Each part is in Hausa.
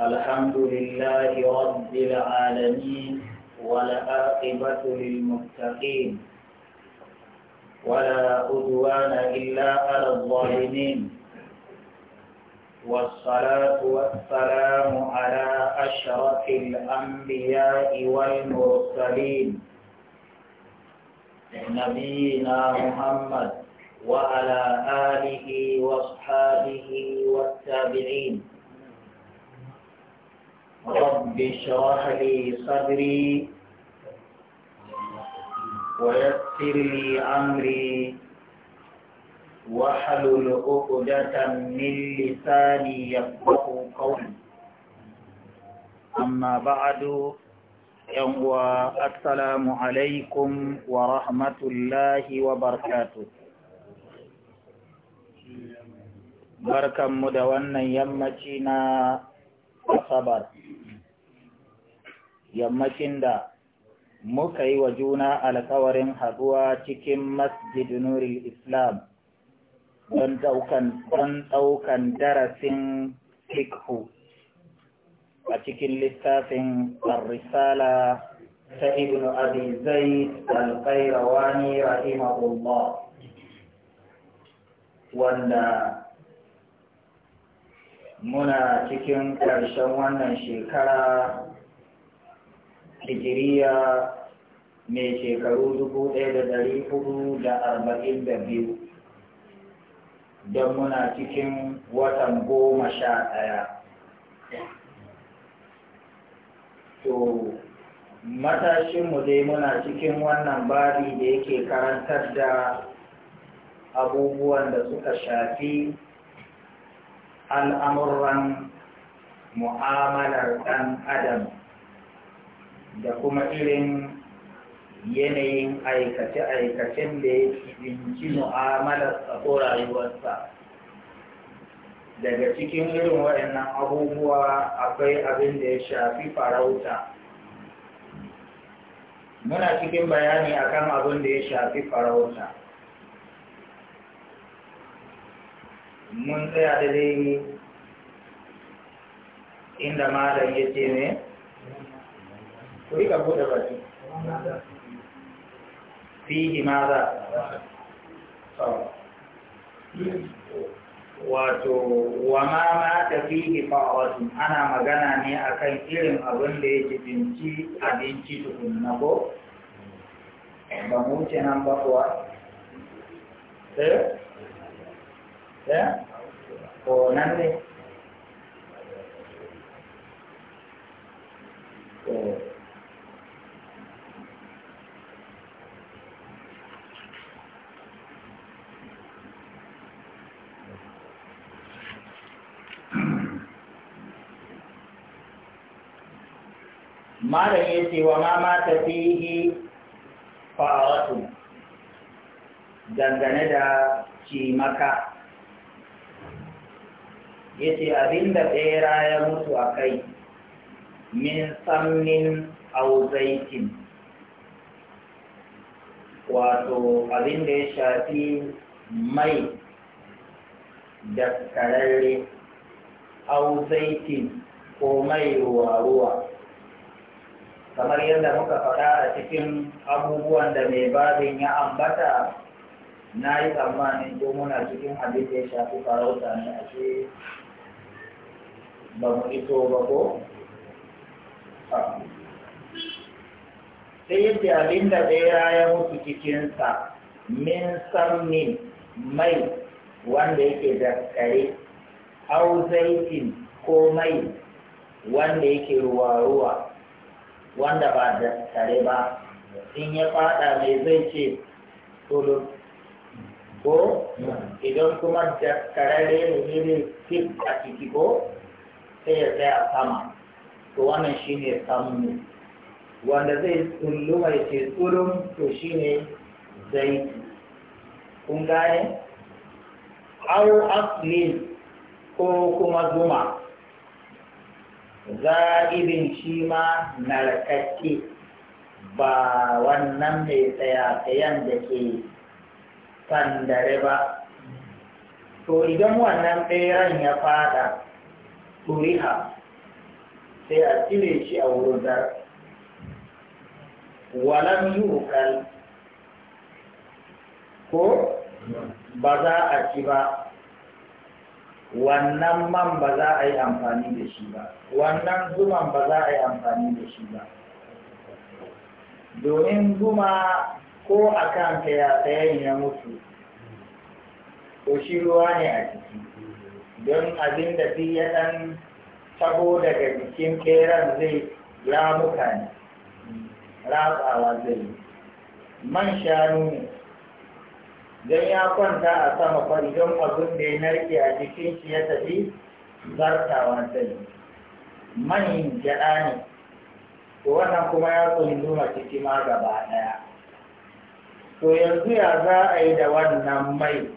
الحمد لله رب العالمين والعاقبة للمتقين ولا عدوان إلا على الظالمين والصلاة والسلام على أشرف الأنبياء والمرسلين نبينا محمد وعلى آله وأصحابه والتابعين رب اشرح لي صدري ويسر لي أمري واحلل عقدة من لساني يفقه قولي أما بعد يوم السلام عليكم ورحمة الله وبركاته بركة mu يمتينا وصبر yammacin da muka yi wa juna alkawarin haɗuwa cikin masjid nuri islam don ɗaukan darasin fikhu a cikin littafin arisala ta ibn abi zaid rahima rahimahullah wanda muna cikin ƙarshen wannan shekara hijiriya mai shekaru dubu ɗaya da ɗari hudu da arba'in da biyu don muna cikin watan goma sha ɗaya to matashinmu dai muna cikin wannan babi da yake karantar da abubuwan da suka shafi al'amuran mu'amalar ɗan adam da kuma irin yanayin aikace-aikacen da ya ɗinci mu'amalar tsako rayuwarsa daga cikin irin waɗannan abubuwa akwai abin da ya shafi farauta muna cikin bayani akan abin da ya shafi farauta mun tsaya da dai inda malam ya ce ne rika buɗe baki fihi ma za wato wa ma ma ta fihi wasu ana magana ne akan irin abin da ya yake binci abinci na ko ba mu ce nan ba kuwa ɗaya? Eh? ɗaya? Eh? ko nan ne malam ya ce wa ma mata fihi fa'aratu dangane da cimaka ya ce abin da tsera ya mutu a kai min samnin auzaitin wato abin da ya shafi mai da kararre auzaitin ko mai ruwa-ruwa kamar yadda muka faɗa a cikin abubuwan da mai babin ya ambata na yi tsammanin ko muna cikin abin da ya shafi farauta ne a ce ba mu iso ba ko? sai yadda abin da ɗaya ya mutu cikinsa min sammin mai wanda yake da kare au ko mai wanda yake ruwa-ruwa wanda ba da tare ba in ya fada mai zai ce tulu ko idan kuma da karare ne ne fit a ciki ko sai ya tsaya sama to wannan shine samu wanda zai tullu mai ce tulum to shine zai kun gane au aslin ko kuma zuma za'ibin shi ma narkakke ba wannan mai tsaya-tsayan da ke sandare ba to idan wannan tseren ya fada turiha sai a cire shi a wurin walan yi ko ba za a ci ba wannan man ba za a yi amfani da shi ba wannan zuman ba za a yi amfani da shi ba domin zuma ko a kan tsayayen ya mutu ko shi ruwa ne a jiki, don abin da fi ya ɗan tabo daga jikin ƙeran zai ramuka ne ratsawa zai yi man shanu ne don ya kwanta a sama fa don abin da ya narke a jikin shi ya tafi zartawa sai man gyaɗa ne to wannan kuma ya tsunduma ciki ma gaba ɗaya to yanzu ya za a yi da wannan mai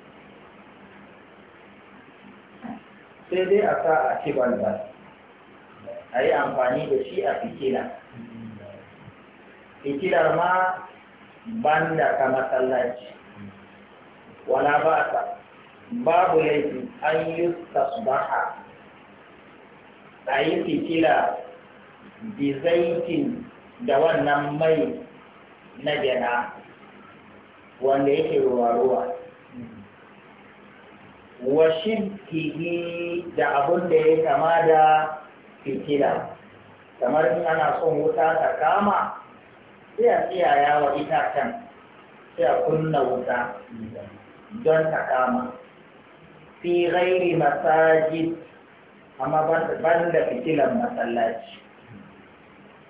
sai dai a sa a ci balbal a yi amfani da shi a fitila fitilar ma banda da ka masallaci wala ba ta babu laifi an yi ayi a yi fitila bizaitin da wannan mai na jana wanda yake ruwa-ruwa washin kihi da abun da ya kama da fitila kamar in ana son wuta ta kama sai siya yawa ita kan sai a kunna wuta don ta kama fi ghairi masajid amma ban da fitilan masallaci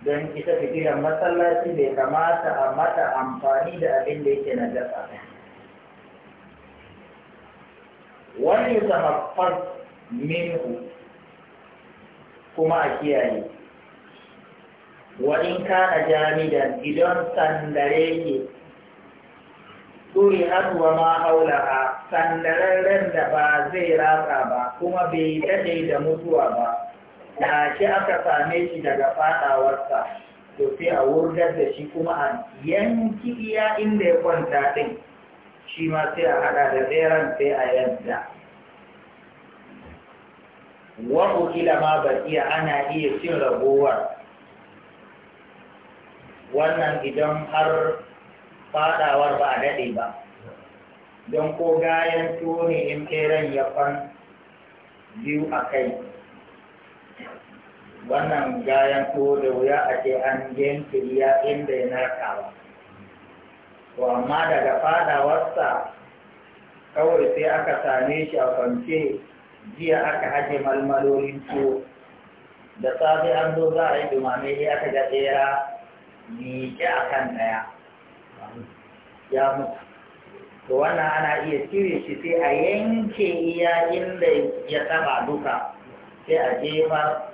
don ita fitilan masallaci bai kamata a mata amfani da abin da yake na gasa wani yutahaffaz minhu kuma a kiyaye wa in kana jami'an idan sandare ke turihan wa ma haula a sandararren da ba zai ratsa ba kuma bai daɗe da mutuwa ba da shi aka same shi daga faɗawarsa to sai a wurgar da shi kuma a yanki iya inda ya kwanta ɗin shi ma sai a haɗa da tseren sai a yadda wahu kila ma bakiya ana iya cin ragowar wannan idan har faɗawar ba a daɗe ba don ko gayan tuwo ne in tseren ya kwan biyu a kai wannan gayan tuwo da wuya a ce an yanke iya inda ya narkawa to amma daga faɗawarsa kawai sai aka same shi a kwance jiya aka haje malmalolin tuwo da safe an zo za a yi dumame ya aka ga tsera miƙe a kan ɗaya ya mutu to wannan ana iya cire shi sai a yanke iya inda ya taba duka sai a jefa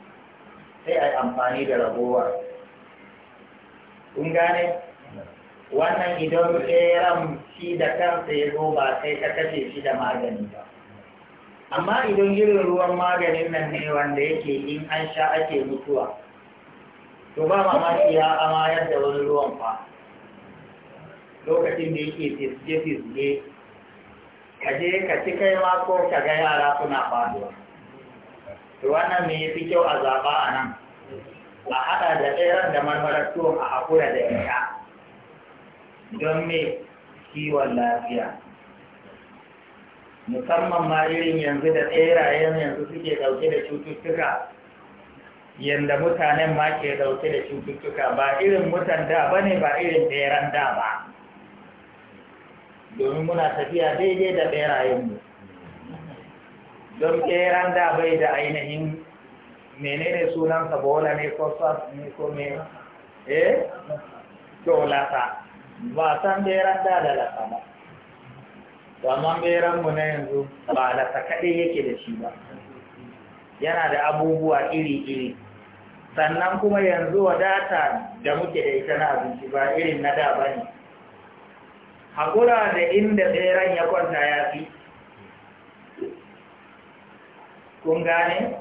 sai a amfani da ragowar kun gane wannan idan tseren shi da kansa ya zo ba sai ka kashe shi da magani ba amma idan irin ruwan maganin nan ne wanda yake in an sha ake mutuwa to ba mamaki ya amayar da wani ruwan fa lokacin da yake fiske-fiske ka je ka ci kai ma ko ka ga yara suna faduwa to wannan me fi kyau a zaɓa a nan a haɗa da tseren da marmarar tuwon a haƙura da ita don me kiwon lafiya musamman ma irin yanzu da tserayen yanzu suke ɗauke da cututtuka yanda mutanen ma ke ɗauke da cututtuka ba irin mutan da ba ne ba irin tseren da ba domin muna tafiya daidai da ɓerayenmu don ɓeran da bai da ainihin menene sunansa bola ne ko ne ko me eh to lasa ba san ɓeran da da lasa ba to amma ɓeranmu na yanzu ba lasa kaɗai yake da shi ba yana da abubuwa iri-iri sannan kuma yanzu wadata da muke da ita na abinci ba irin na da ba ne hakura da inda tseren ya kwanta ya fi kun gane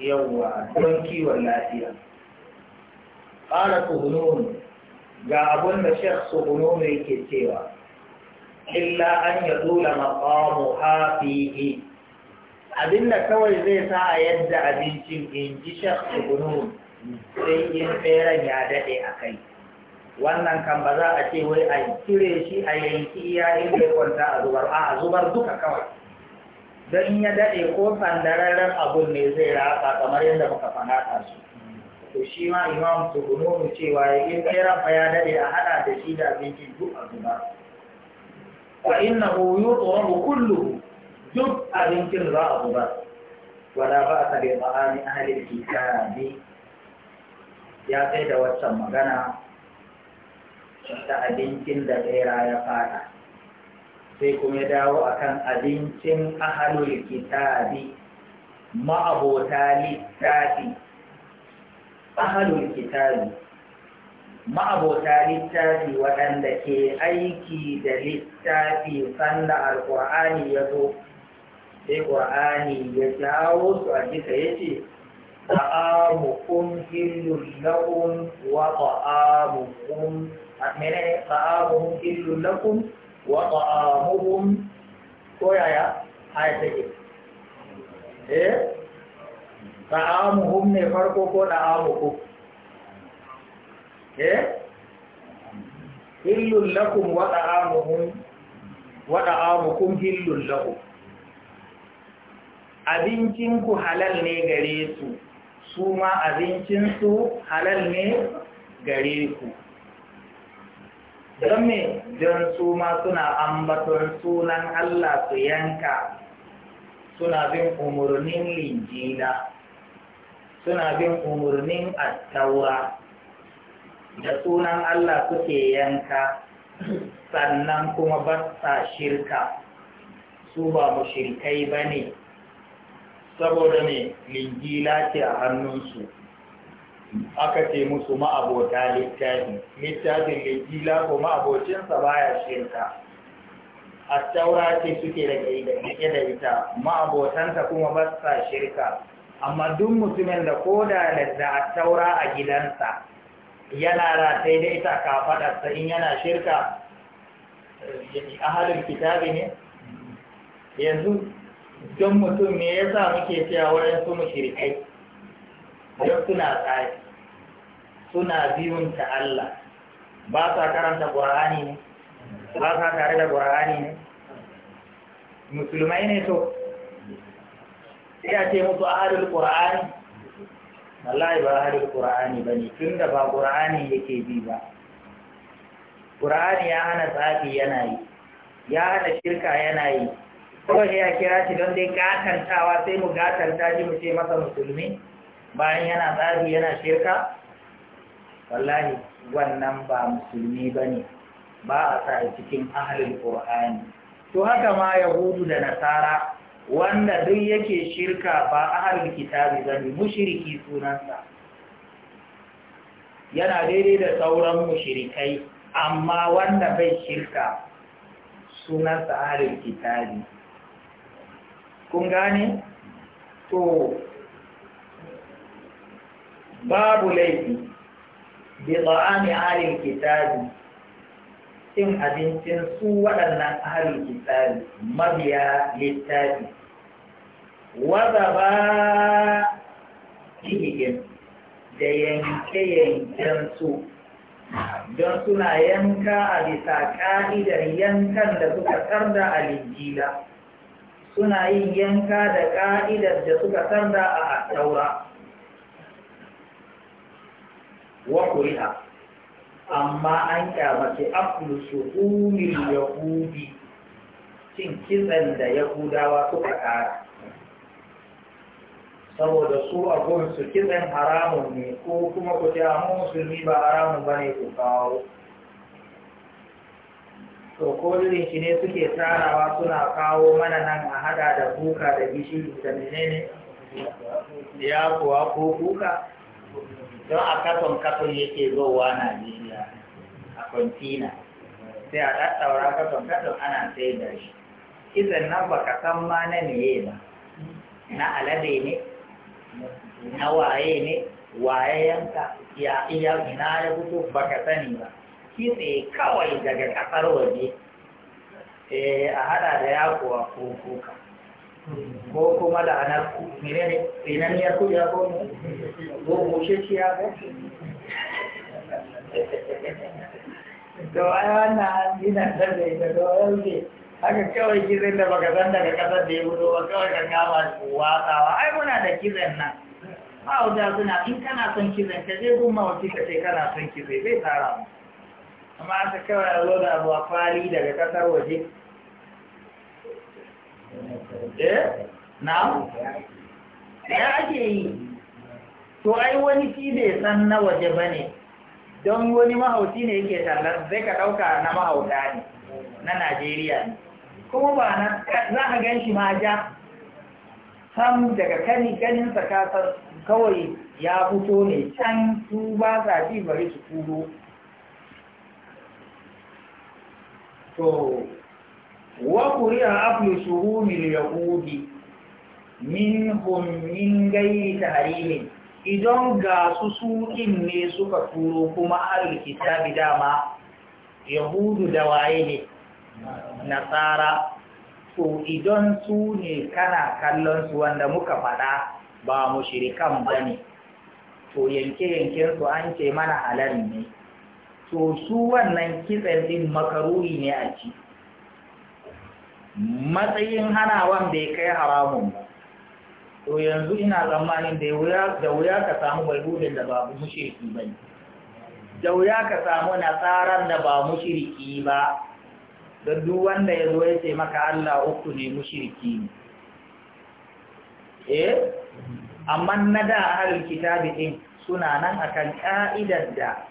yawwa don kiwon lafiya ƙara suhunonu ga abin da shek suhunonu yake cewa illa an ya tula maƙamu abin abinda kawai zai sa a yadda abincin in ji shek suhunonu sai yin tseren ya daɗe a kai wannan kan ba za a ce wai a cire shi a yanki ya inda ya kwanta a zubar a zubar duka kawai don ya daɗe ko sandararren abun ne zai rafa kamar yadda muka faɗa su to shi ma imam tukununu cewa ya yi tseren fa ya daɗe a haɗa da shi da abincin duk a zubar ina innahu tsoron kulluhu duk abincin za a zubar wala ba a ta a ta'ami ahli kitabi ya kai da wancan magana ta abincin da bera ya fara sai kuma ya dawo akan abincin ahalul kitabi ma'abota littafi ahalul kitabi ma'abota littafi waɗanda ke aiki da littafi sanda alƙur'ani ya zo sai ƙur'ani ya jawo su a jika ya ce ta'amukun hillun lahum wa ta'amukun menene ta'amuhum illul lakum wa ta'amuhum ko yaya aya take eh ta'amuhum ne farko ko da'amukum eh hillul lakum wa ta'amuhum wa ta'amukum hillul lakum abincin ku halal ne gare su su ma abincin su halal ne gare ku don me don su ma suna ambaton sunan Allah su yanka suna bin umarnin linjila suna bin umarnin attaura da sunan Allah suke yanka sannan kuma ba sa shirka su ba shirkai ba ne saboda ne linjila ce a hannunsu aka ce musu ma'abota littafi littafin gila ko ma'abocinsa baya shirka a ce suke da ƙirƙe da ita ma'abotanta kuma ba sa shirka amma duk mutumin da ko da da a taura a gidansa yana ratai da ita kafaɗarsa in yana shirka halin kitabi ne yanzu don mutum ne ya sa muke cewa mu mushrikai don suna tsari suna biyun ta Allah ba sa karanta Qur'ani ne ba sa tare da Qur'ani ne musulmai ne to sai a ce musu ahlul Qur'ani wallahi ba ahlul Qur'ani bane tunda ba Qur'ani yake bi ba Qur'ani ya hana tsafi yana yi ya hana shirka yana yi kawai ya kira shi don dai gatantawa sai mu gatanta shi mu ce masa musulmi bayan yana tsari yana shirka wallahi wannan ba musulmi ba ne ba a sa cikin ahalin ƙorani to haka ma yahudu da nasara wanda duk yake shirka ba ahalin kitabi ba ne mushiriki sunansa yana daidai da sauran mushirikai amma wanda bai shirka sunansa ahalin kitabi kun gane to babu laifi bi ta'ami ahlil kitabi cin abincin su waɗannan ahlul kitabi mabiya littafi wada ba ihigin da yanke-yanken su don suna yanka a bisa ka'idar yankan da suka tarda a lijila suna yin yanka da ka'idar da suka tarda a taura wa kuri'a amma an kyamace su shuhumin yahudi cin kitson da yahudawa suka kara saboda su a su kitson haramun ne ko kuma ku ce musulmi ba haramun ba ne ku kawo to ko irin shi ne suke tarawa suna kawo mana nan a hada da kuka da gishiri da menene ya kuwa ko kuka don a katon katon yake zowa Najeriya a kwantina sai a ɗaɗɗaura katon katon ana sai da shi izan nan ba ka san ma na meye ba na alade ne na waye ne waye yanka ya iya ina ya fito ba ka sani ba kitse kawai daga ƙasar waje eh, a hada da yakuwa ko kuka ko kuma la'anar menene ku ya ko ko ya ko to ai wannan na da da to yauke haka kawai kizan da baka san daga kasar da ya fito ba kawai ka kama watsawa ai muna da kizan nan ma'auda suna in kana son kizan ka je gumma mawaki ka ce kana son kizai zai tsara mu amma aka kawai a zo da abu a fali daga kasar waje Eh? na'am ya ake yi to ai wani shi bai san na waje ba ne don wani mahauci ne yake tallar zai ka ɗauka na mahauta ne na Najeriya ne kuma ba na za a gan shi ma ja sam daga kani ganinsa kasar kawai ya fito ne can su ba sa ji bari su kudo. to wa kuri'a aflu shuhumil yahudi minhum min gairi tahrimin idan ga su ne suka turo kuma ahlul kitabi dama yahudu da waye ne nasara to idan su ne kana kallon su wanda muka faɗa ba mu shirikan bane to yanke-yanken su an ce mana halal ne to su wannan kitsen din makaruri ne a ci matsayin hanawan ya kai haramun ba to yanzu ina tsammanin da wuya ka samu baihudin da ba mushiriki ba da wuya ka samu nasarar da ba shirki ba don duk wanda ya zo ya ce maka Allah uku ne mushriki ne eh amma na da ahlul kitabi din suna nan akan ka'idar da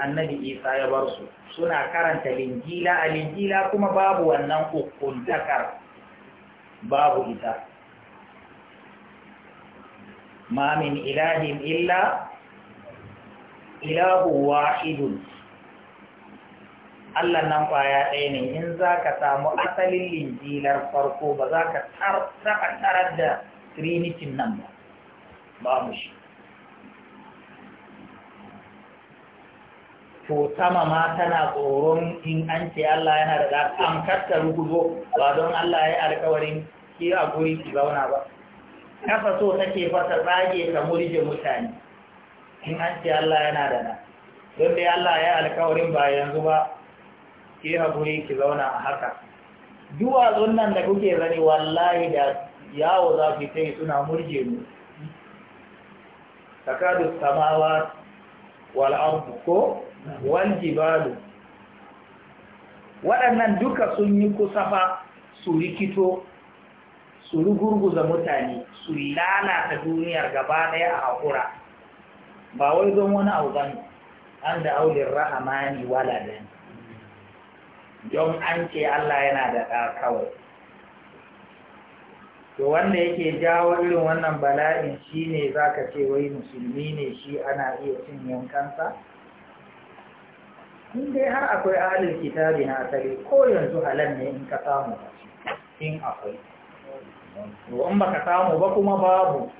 annabi isa ya bar su suna karanta linjila a linjila kuma babu wannan ukuntakar babu ita ma min ilahin illa ilahu wahidun Allah nan kwaya ɗaya ne in za ka samu asalin linjilar farko ba za ka tarar da trinitin nan ba mu shi to sama ma tana tsoron in an ce Allah yana da kasta amkarta zo ba don Allah ya alkawarin ki a guri ki zauna ba kafa so take fasa tsage ka murje mutane in an ce Allah yana da na. don dai Allah ya alkawarin ba yanzu ba ki a guri ki zauna a haka duwatsun nan da kuke zani wallahi da yawo za ku yi suna murje mu takadu samawa wal ko wal waɗannan duka sun yi kusa fa su rikito su rugurguza mutane su lalata duniyar gaba ɗaya a haƙura ba wai don wani abu ba an da aulin rahamani ni. don an ce Allah yana da ɗa kawai to wanda yake jawo irin wannan bala'in shine ka ce wai musulmi ne shi ana iya cin yankansa in dai har akwai ahalin kitabi na asali ko yanzu halal ne in ka samu in akwai in ba ka samu ba kuma babu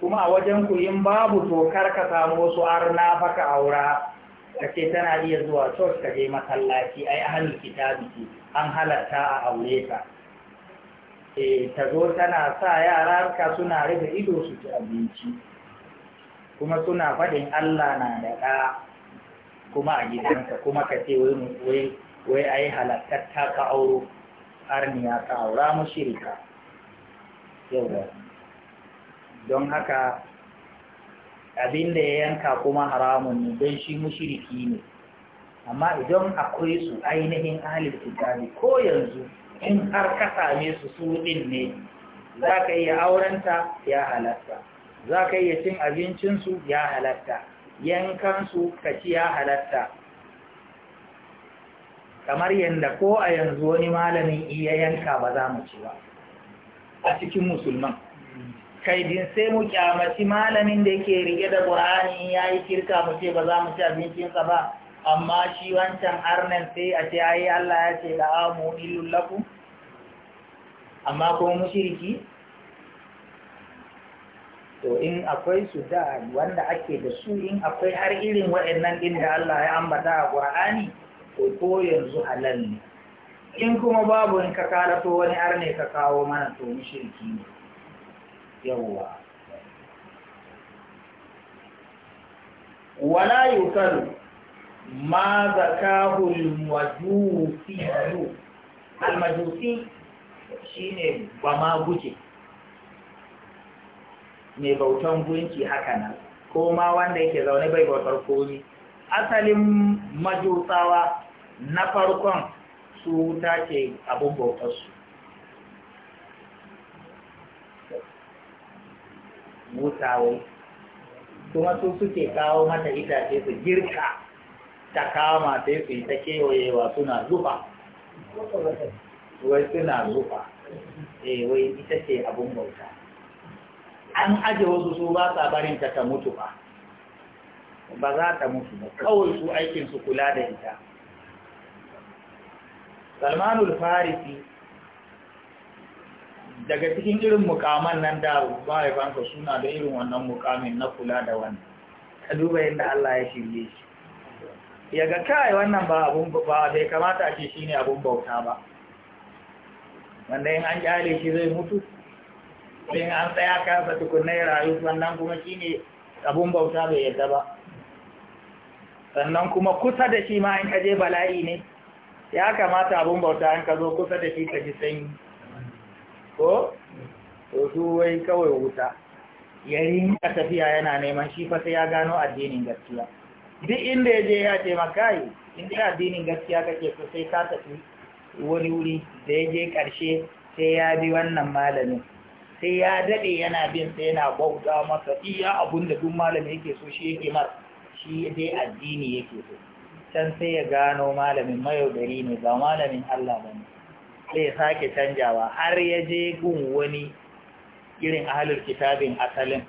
kuma a wajen ku yin babu to kar ka samu wasu arna baka aura ka ce tana iya zuwa church ka je masallaci ai ahalin kitabi ce an halarta a aure ta e ta zo tana sa yara ka suna rufe ido su ci abinci kuma suna faɗin Allah na da kuma a gidansa kuma ka ce wai wai ai halattatta ka auro arniya ka aura Yau yawa don haka abin da ya yanka kuma haramun ne don shi mushriki ne amma idan akwai su ainihin ahalin kitabi ko yanzu in har ka same su su din ne za ka iya aurenta ya halatta za ka iya cin abincinsu ya halatta yankansu kaciya ya halatta kamar yadda ko a yanzu wani malamin iya yanka ba za mu ci ba a cikin musulman kaidin sai mu kyamaci malamin da yake rike da ƙur'ani ya yi kirka mu ce ba za mu ci abincinsa ba amma shi wancan arnan sai a ce ayi Allah ya ce la'amu illul amma kuma mushriki to in akwai su da wanda ake da su in akwai har irin waɗannan inda Allah ya ambata a Qur'ani to ko yanzu halal ne in kuma babu in ka to wani har ne ka kawo mana to mushirki ne yawwa wala yukalu ma zakahu al-majusi al-majusi shine ba ma guje mai bautan gunki haka nan ko ma wanda yake zaune bai bautar komi asalin majutsawa na farkon su wuta ce abin bautarsu wutawai kuma su suke kawo mata itace su girka ta kama sai su yi ta kewayewa suna zufa wai suna zufa eh wai ita ce abin bauta an aje wasu su ba sa barin ta ta mutu ba ba za ta mutu ba kawai su aikinsu kula da ita salmanul farisi daga cikin irin mukaman nan da fanka suna da irin wannan mukamin na kula da wani ta duba yadda Allah ya shirye shi ya ga kai wannan ba abun ba bai kamata a ce shine abun bauta ba wanda in an kyale shi zai mutu sai an tsaya kansa tukunai rayu sannan kuma shi ne abun bauta bai yadda ba sannan kuma kusa da shi ma in ka je bala'i ne ya kamata abun bauta in ka zo kusa da shi ka ji sanyi ko to su wai kawai wuta ya rinka tafiya yana neman shi fa sai ya gano addinin gaskiya duk inda ya je ya ce makai in dai addinin gaskiya kake so sai ka tafi wani wuri da ya je ƙarshe sai ya bi wannan malamin sai ya daɗe yana bin sai yana bauta masa iya abun da duk malami yake so shi yake mar shi dai addini yake so can sai ya gano malamin mayaudari ne ba malamin Allah ba ne sai ya sake canjawa har ya je gun wani irin ahalul kitabin asalin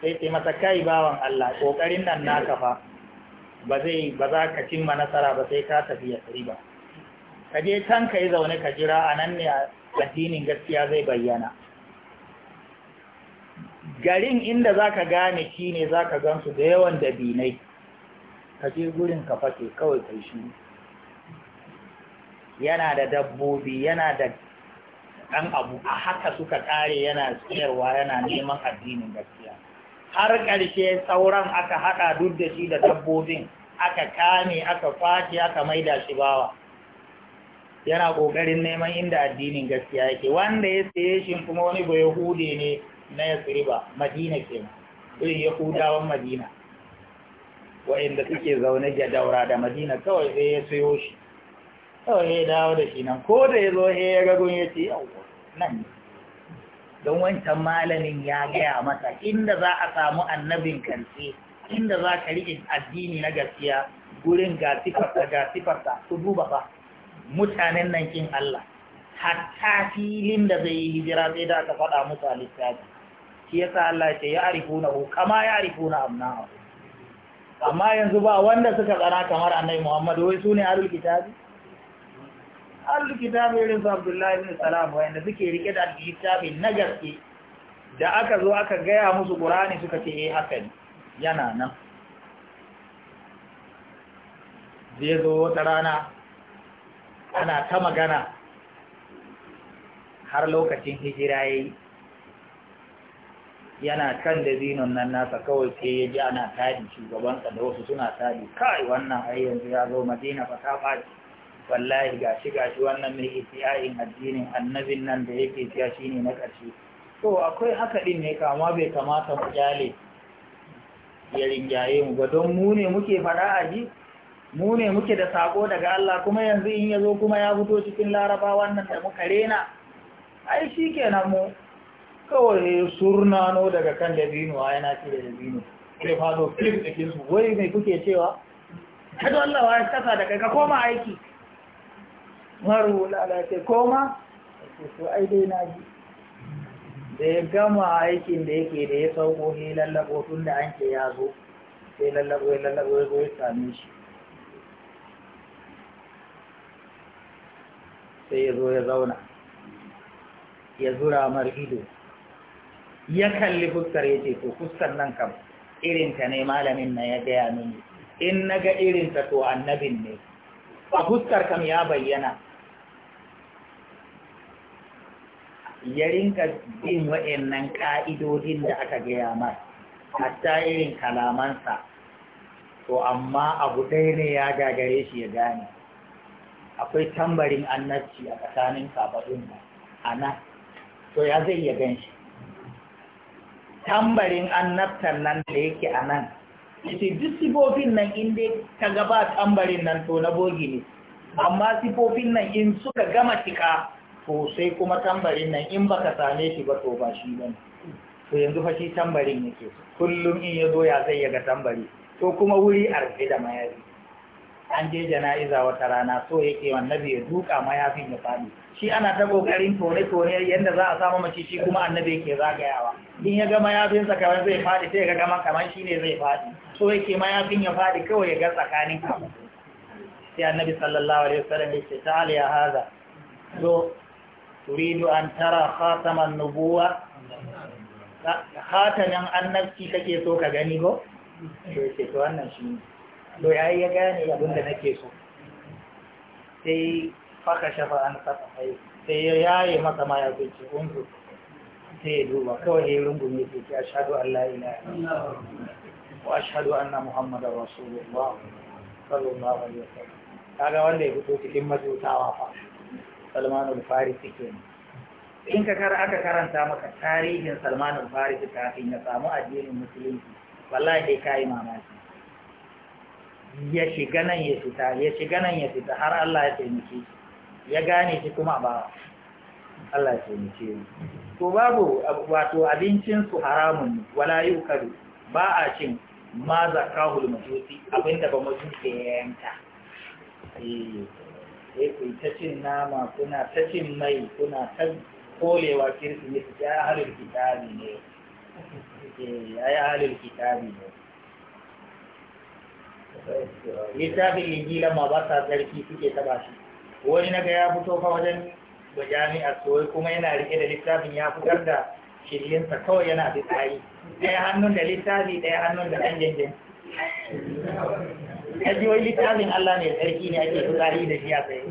sai sai masa kai bawan Allah kokarin nan naka fa ba zai ba za ka cimma nasara ba sai ka tafi ya ba. ka je can ka yi zaune ka jira a nan ne addinin gaskiya zai bayyana garin inda zaka gane shi ne zaka gansu da yawan dabinai ka je gurin ka fake kawai kai shi yana da dabbobi yana da ɗan abu a haka suka ƙare yana tsayarwa yana neman addinin gaskiya har ƙarshe sauran aka haɗa duk da shi da dabbobin aka kame aka kwace aka maida shi bawa yana ƙoƙarin neman inda addinin gaskiya yake wanda ya saye shi kuma wani ba yahude ne na yasriba madina kenan irin yahudawan madina wa'inda suke zaune ga daura da madina kawai sai ya sayo shi kawai ya dawo da shi nan ko da ya zo ya ragun ya ce nan don wancan malamin ya gaya masa inda za a samu annabin kansi inda za ka riƙe addini na gaskiya gurin ga sifarsa ga su duba ba. mutanen nan kin Allah hatta filin da zai yi hijira sai da aka faɗa musu a littafi shi yasa Allah ce ya arifuna hu kama ya arifuna amna amma yanzu ba wanda suka tsara kamar annabi Muhammad wai sune ahlul kitabi kitabi irin su Abdullahi ibn Salam wanda suke rike da kitabi na gaske da aka zo aka gaya musu Qur'ani suka ce eh haka ne yana nan zai zo wata rana ana ta magana har lokacin hijira yayi yana kan da zinon nan nasa kawai sai ya ji ana tadi shugabansa da wasu suna tadi kai wannan ai yanzu ya zo madina fa ta ɓaci wallahi gashi gashi wannan mai ihtiyain addinin annabin nan da yake cewa shine na ƙarshe to akwai haka din ne kama bai kamata mu jale ya ringaye mu ba don mu ne muke fara ji? mu ne muke da sako daga Allah kuma yanzu in ya zo kuma ya fito cikin larabawan wannan da muka rena ai shi kenan mu kawai surnano daga kan dabino a yana ce da dabino sai fado flip da su wai mai kuke cewa kada Allah wa ya kasa da kai ka koma aiki maru lalace koma su ai dai na ji da ya gama aikin da yake da ya sauko ne lallabo tun da an ke ya zo sai lallabo ya lallabo ya zo ya same shi sai ya zo ya zauna ya zura mar ido ya kalli fuskar ya ce to fuskar nan kam irinta ne malamin na ya gaya mini in na ga irinta to annabin ne a fuskar kam ya bayyana ya rinka bin wa'annan ka'idodin da aka gaya mai hatta irin kalamansa to amma abu ɗaya ne ya gagare shi ya gane akwai tambarin annabci a tsakanin kafaɗin nan a nan to ya zai ya gan shi tambarin annabtar nan da yake a nan yace duk sifofin nan in dai ka gaba tambarin nan to na bogi ne amma sifofin nan in suka gama cika to sai kuma tambarin nan in baka same shi ba to ba shi bane to yanzu fa tambarin yake kullum in ya zo ya zai ya ga tambari to kuma wuri arfi da mayafi an je jana'iza wata rana so yake annabi ya duka mayafin ya faɗi shi ana ta kokarin tone tone yanda za a samu mace shi kuma annabi yake zagayawa in ya ga mayafin sa kamar zai faɗi sai ya ga gama kamar shi ne zai faɗi so yake mayafin ya faɗi kawai ya ga tsakanin kamar. sai annabi sallallahu alaihi wasallam ya ce ta aliya haza so turidu an tara khataman nubuwa khatamin annabci kake so ka gani ko to ce to wannan shi ne to yayi ya gane abin da nake so sai faka shafa an kafa sai ya yayi masa ma ya kunce unzu sai ya duba kawai rungu rungume ke ce ashadu an la ilaha illallah wa ashhadu anna muhammadar rasulullah sallallahu alaihi wasallam kaga wanda ya fito cikin majutawa fa Salman al-Farisi kenan in ka kar aka karanta maka tarihin Salman al-Farisi kafin ya samu addinin musulunci wallahi kai mamaki ya shiga nan ya fita ya shiga nan ya fita har Allah ya taimake shi ya gane shi kuma ba Allah ya taimake shi to babu wato abincin su haramun wala yukalu ba a cin ma zakahul majusi abinda ba majusi ya yanka eh eh ku ta cin nama kuna ta cin mai kuna ta kolewa kirsimeti ya halin kitabi ne eh ya halin kitabi ne littafin injila ma ba sa tsarki suke taba shi wani na ga ya fito fa wajen ba jami'ar soyi kuma yana rike da littafin ya fitar da shiryinsa kawai yana fitsari ɗaya hannun da littafi ɗaya hannun da ɗan jinjin wai littafin Allah ne tsarki ne ake fitsari da shi a tsaye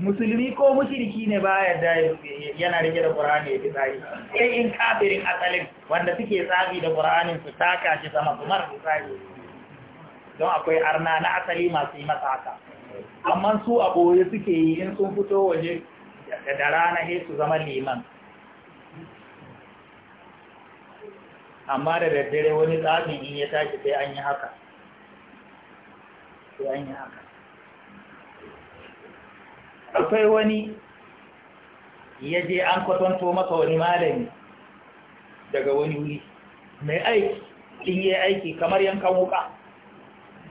musulmi ko mushriki ne ba da yana rike da qur'ani ya fitsari sai in kafirin asalin wanda suke tsafi da qur'anin su taka shi sama su mara don akwai arna na asali masu yi masa haka amma su a ɓoye suke yi in sun fito waje da rana he su zama liman amma da daddare wani tsamin in ya tashi sai an yi haka sai an yi haka akwai wani ya je an kwatanto masa wani malami daga wani wuri mai aiki in yi aiki kamar yankan wuka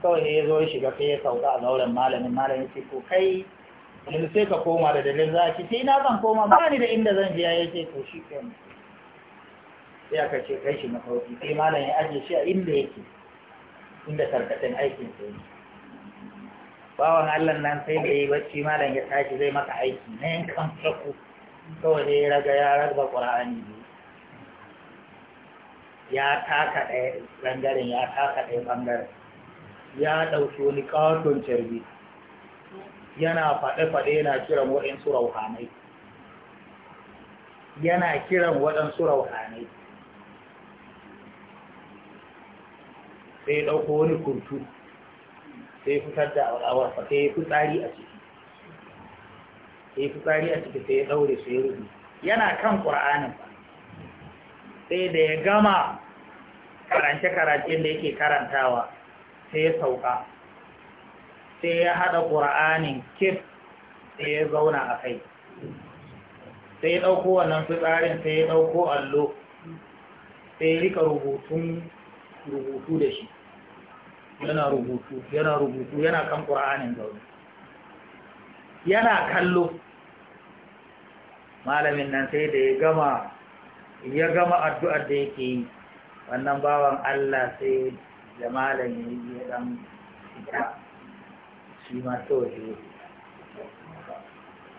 kawai ne ya zo ya shiga sai ya sauka a zauren malamin malamin ce ko kai yanzu sai ka koma da dalilin za a ci sai na zan koma ba ni da inda zan je ya ce ko shi kan sai aka ce kai shi na kawai sai malam ya ajiye shi a inda yake inda tarkacin aikin sai bawan Allah nan sai da yi bacci malam ya tashi zai maka aiki na yankan ku. kawai ne ya raga ya ragba ƙura'ani ne ya taka ɗaya ɓangaren ya taka ɗaya ɓangaren ya ɗauki wani ƙaton carbi yana faɗe-faɗe yana kiran waɗansu rauhanai yana kiran waɗansu rauhanai sai ɗauko wani kurtu sai fitar da al'awarsa sai ya tsari a ciki sai ya tsari a ciki sai ya ɗaure su ya rubu yana kan ƙura'anin sai da ya gama karance-karancen da yake karantawa sai ya sauka sai ya haɗa ƙura'anin kif sai ya zauna a kai sai ya ɗauko wannan fitsarin sai ya ɗauko allo sai ya rika rubutun rubutu da shi yana rubutu yana rubutu yana kan ƙura'anin zaune yana kallo malamin nan sai da ya gama ya gama addu'ar da yake yi wannan bawan Allah sai da malam ya yi dan fita shi ma ta waje.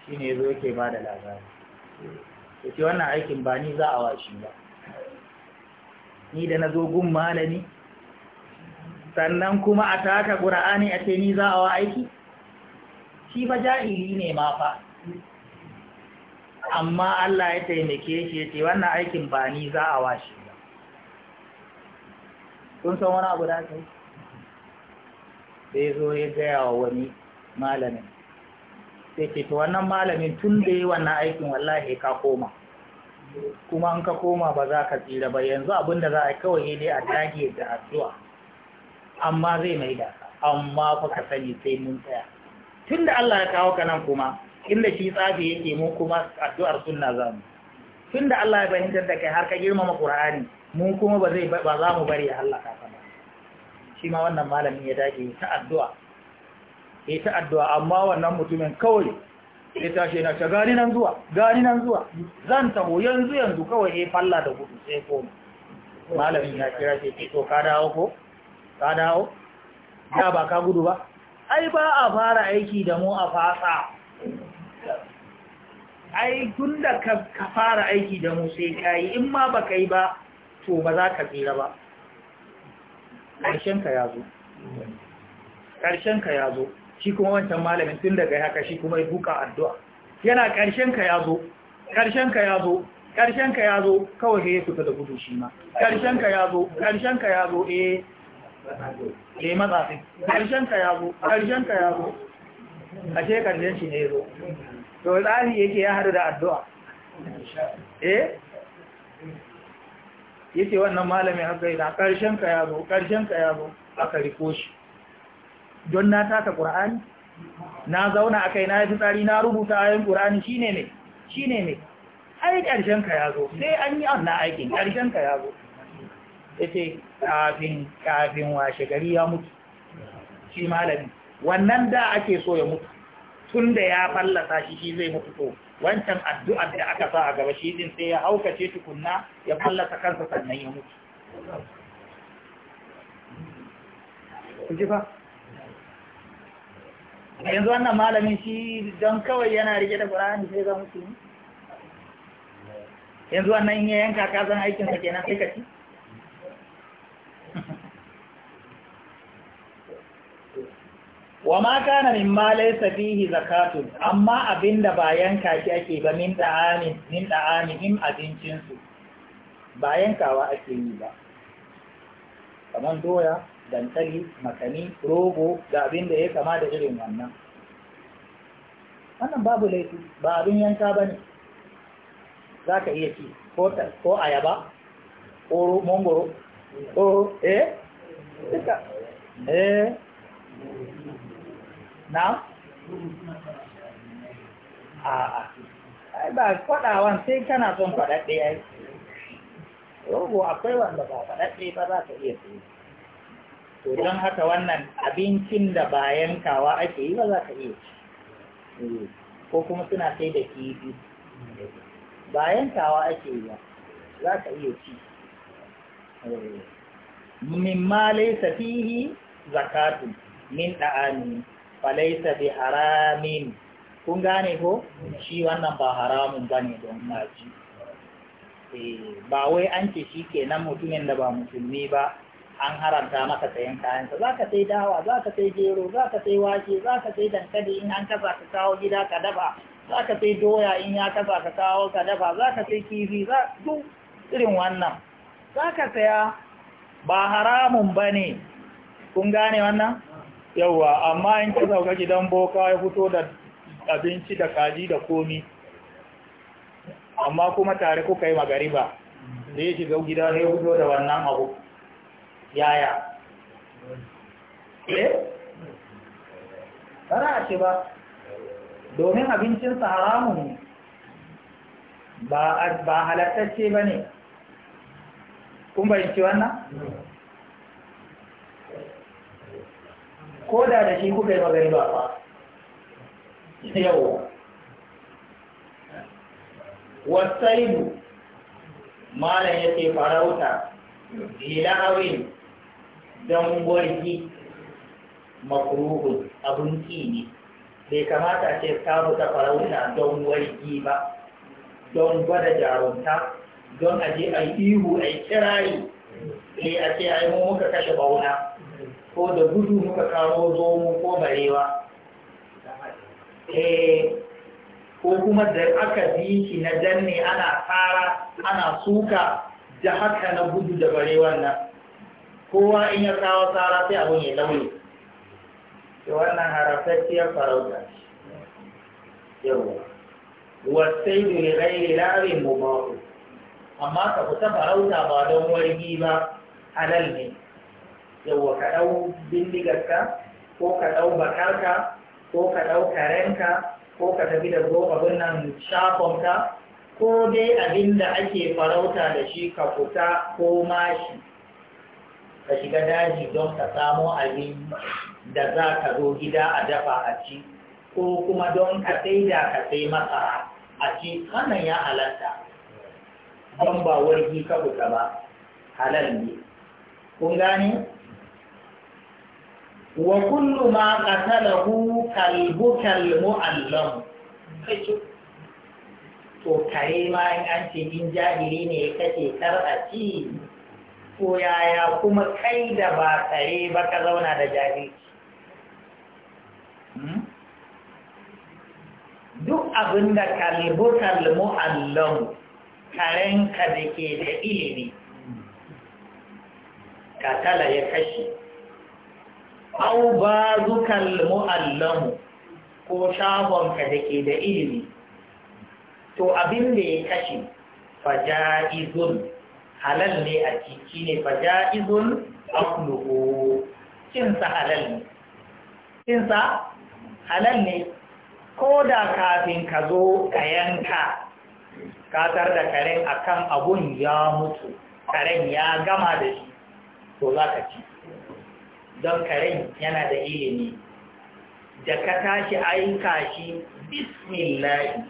shi ne zo yake ba da labari ya ce wannan aikin ba ni za a washi ba ni da na zo gun malami sannan kuma a taka ƙura'ani a ce ni za a wa aiki shi fa jahili ne ma fa amma Allah ya taimake shi ya ce wannan aikin ba ni za a washi Sun san wani abu da aka yi sai zo ya gaya wa wani malamin sai ke to wannan malamin tun da yi wannan aikin wallahi ka koma kuma an ka koma ba za ka tsira ba yanzu abin da za a kawai ne a dage da addu'a amma zai mai da amma fa ka sani sai mun tsaya tun da Allah ya kawo ka nan kuma inda shi tsafi yake mu kuma addu'ar sunna za mu tun da Allah ya fahimtar da kai har ka girmama Qur'ani mun kuma ba zai ba za mu bari ya hallaka ka ba shi ma wannan malamin ya dage ta addu'a eh ta addu'a amma wannan mutumin kawai sai tashi yana ta gani nan zuwa gani nan zuwa zan taho yanzu yanzu kawai eh falla da gudu sai ko malamin ya kira sai ce to ka dawo ko ka dawo da ba ka gudu ba ai ba a fara aiki da mu a fasa ai tunda da ka fara aiki da mu sai kai in ma ba yi ba to ba za ka tsira ba ƙarshenka ya zo ƙarshenka ya zo shi kuma wancan malamin tun daga haka shi kuma ya buka addu'a yana ƙarshenka ya zo ƙarshenka ya zo ƙarshenka ya zo kawai sai ya fita da gudu shi ma ƙarshenka ya zo ƙarshenka ya zo eh eh matsafi ƙarshenka ya zo ƙarshenka ya zo a shekar jenshi ne ya zo to tsari yake ya haɗu da addu'a eh yake wannan malamin haka yi na karshen ka ya zo karshen ka ya zo aka riko shi don na taka qur'ani na zauna akai na yi tsari na rubuta ayoyin qur'ani shine ne shine ne ai karshen ka ya zo sai an yi wannan aikin karshen ka ya zo ce kafin kafin washe gari ya mutu shi malami wannan da ake so ya mutu tunda ya fallasa shi shi zai mutu to wancan addu'a da aka sa a gaba shi din sai ya haukace tukunna ya fallasa kansa sannan ya mutu kuji ba yanzu wannan malamin shi don kawai yana rike da ƙura'ani sai ga mutu yanzu wannan in ya yanka ka zan aikinsa kenan sai ka ci wa ma kana min ma laysa fihi zakatun amma abinda ba yanka shi ake ba min da'amin min da'amihim abincin su ba yankawa ake yi ba kamar doya dankali makani rogo da abinda ya kama da irin wannan wannan babu laifi ba abin yanka ba ne za ka iya ci ko ayaba ko mongoro ko eh duka eh na? a a ba wan sai kana son faɗaɗɗe ya yi rogo akwai wanda ba faɗaɗɗe ba za ka iya sayi to don haka wannan abincin da ba yankawa ake yi ba za ka iya ci eh, ko kuma suna sai da kifi ba yankawa ake yi ba za ka iya ci eh. min laysa fihi zakatun min da'ani falaisa bi haramin kun gane ko shi wannan ba haramun bane don kaji eh, ba wai an ce shi kenan mutumin da ba musulmi ba an haramta maka sayan kayansa za ka sai dawa za ka sai gero za ka sai wake za ka sai dankali in an kasa ka kawo gida ka dafa za ka sai doya in ya kasa ka kawo ka dafa za ka sai kifi za du irin wannan za ka saya ba haramun bane. kun gane wannan yawa amma in ka sauka gidan boka ya fito da abinci da kaji da komi amma kuma tare kuka yi magariba da ya shiga gida ya fito da wannan abu yaya eh a ce ba domin abincinsa haramun ne ba ce ba ne kun bayanci wannan ko da da shi kuka yi magani ba fa yi wasaidu malam ya ce farauta bila'awin don gwarki makuruhun abun ne bai kamata ce ta farauta don wargi ba don gwada jarumta don aje a yi ihu a yi kirari. ne a ce a yi muka kashe bauna ko da gudu muka kamo zomo ko barewa eh, ko kuma da aka bi shi na danne ana tsara ana suka da haka na gudu da barewan nan kowa in ya kawo tsara sai abin ya lauye ke wannan harafacciyar farauta yawa wasai da rari mu mubahu amma ka fita farauta ba don wargi ba halal ne yawa ka ɗau bindigarka ko ka ɗau bakarka ko ka ɗau karenka ko ka tafi da zo abin nan shafonka ko dai abin da ake farauta da shi ka fita ko mashi ka shiga daji don ka samo abin da za ka zo gida a dafa a ci ko kuma don ka sai da ka sai masara a ci wannan ya halatta don ba wargi ka fita ba halal ne kun gane wa kullu ma qatalahu kalbuka almu'allam kai to kare ma in an ce in jahili ne kace kar a ci ko yaya kuma kai da ba kare ba ka zauna da jahilci hmm? duk abin da kalbuka karen karenka da ke da ilimi katala ya kashe au ba zukal mu'allamu ko shagonka da ke da ilimi to abin da ya kashe faja'izun halal ne a ciki ne faja'izun akluhu cinsa halal ne cinsa halal ne ko da kafin ka zo ka yanka katar da karen akan abun ya mutu karen ya gama da shi to za ka ci don karen yana da ilimi da ka tashi aika shi bismillahi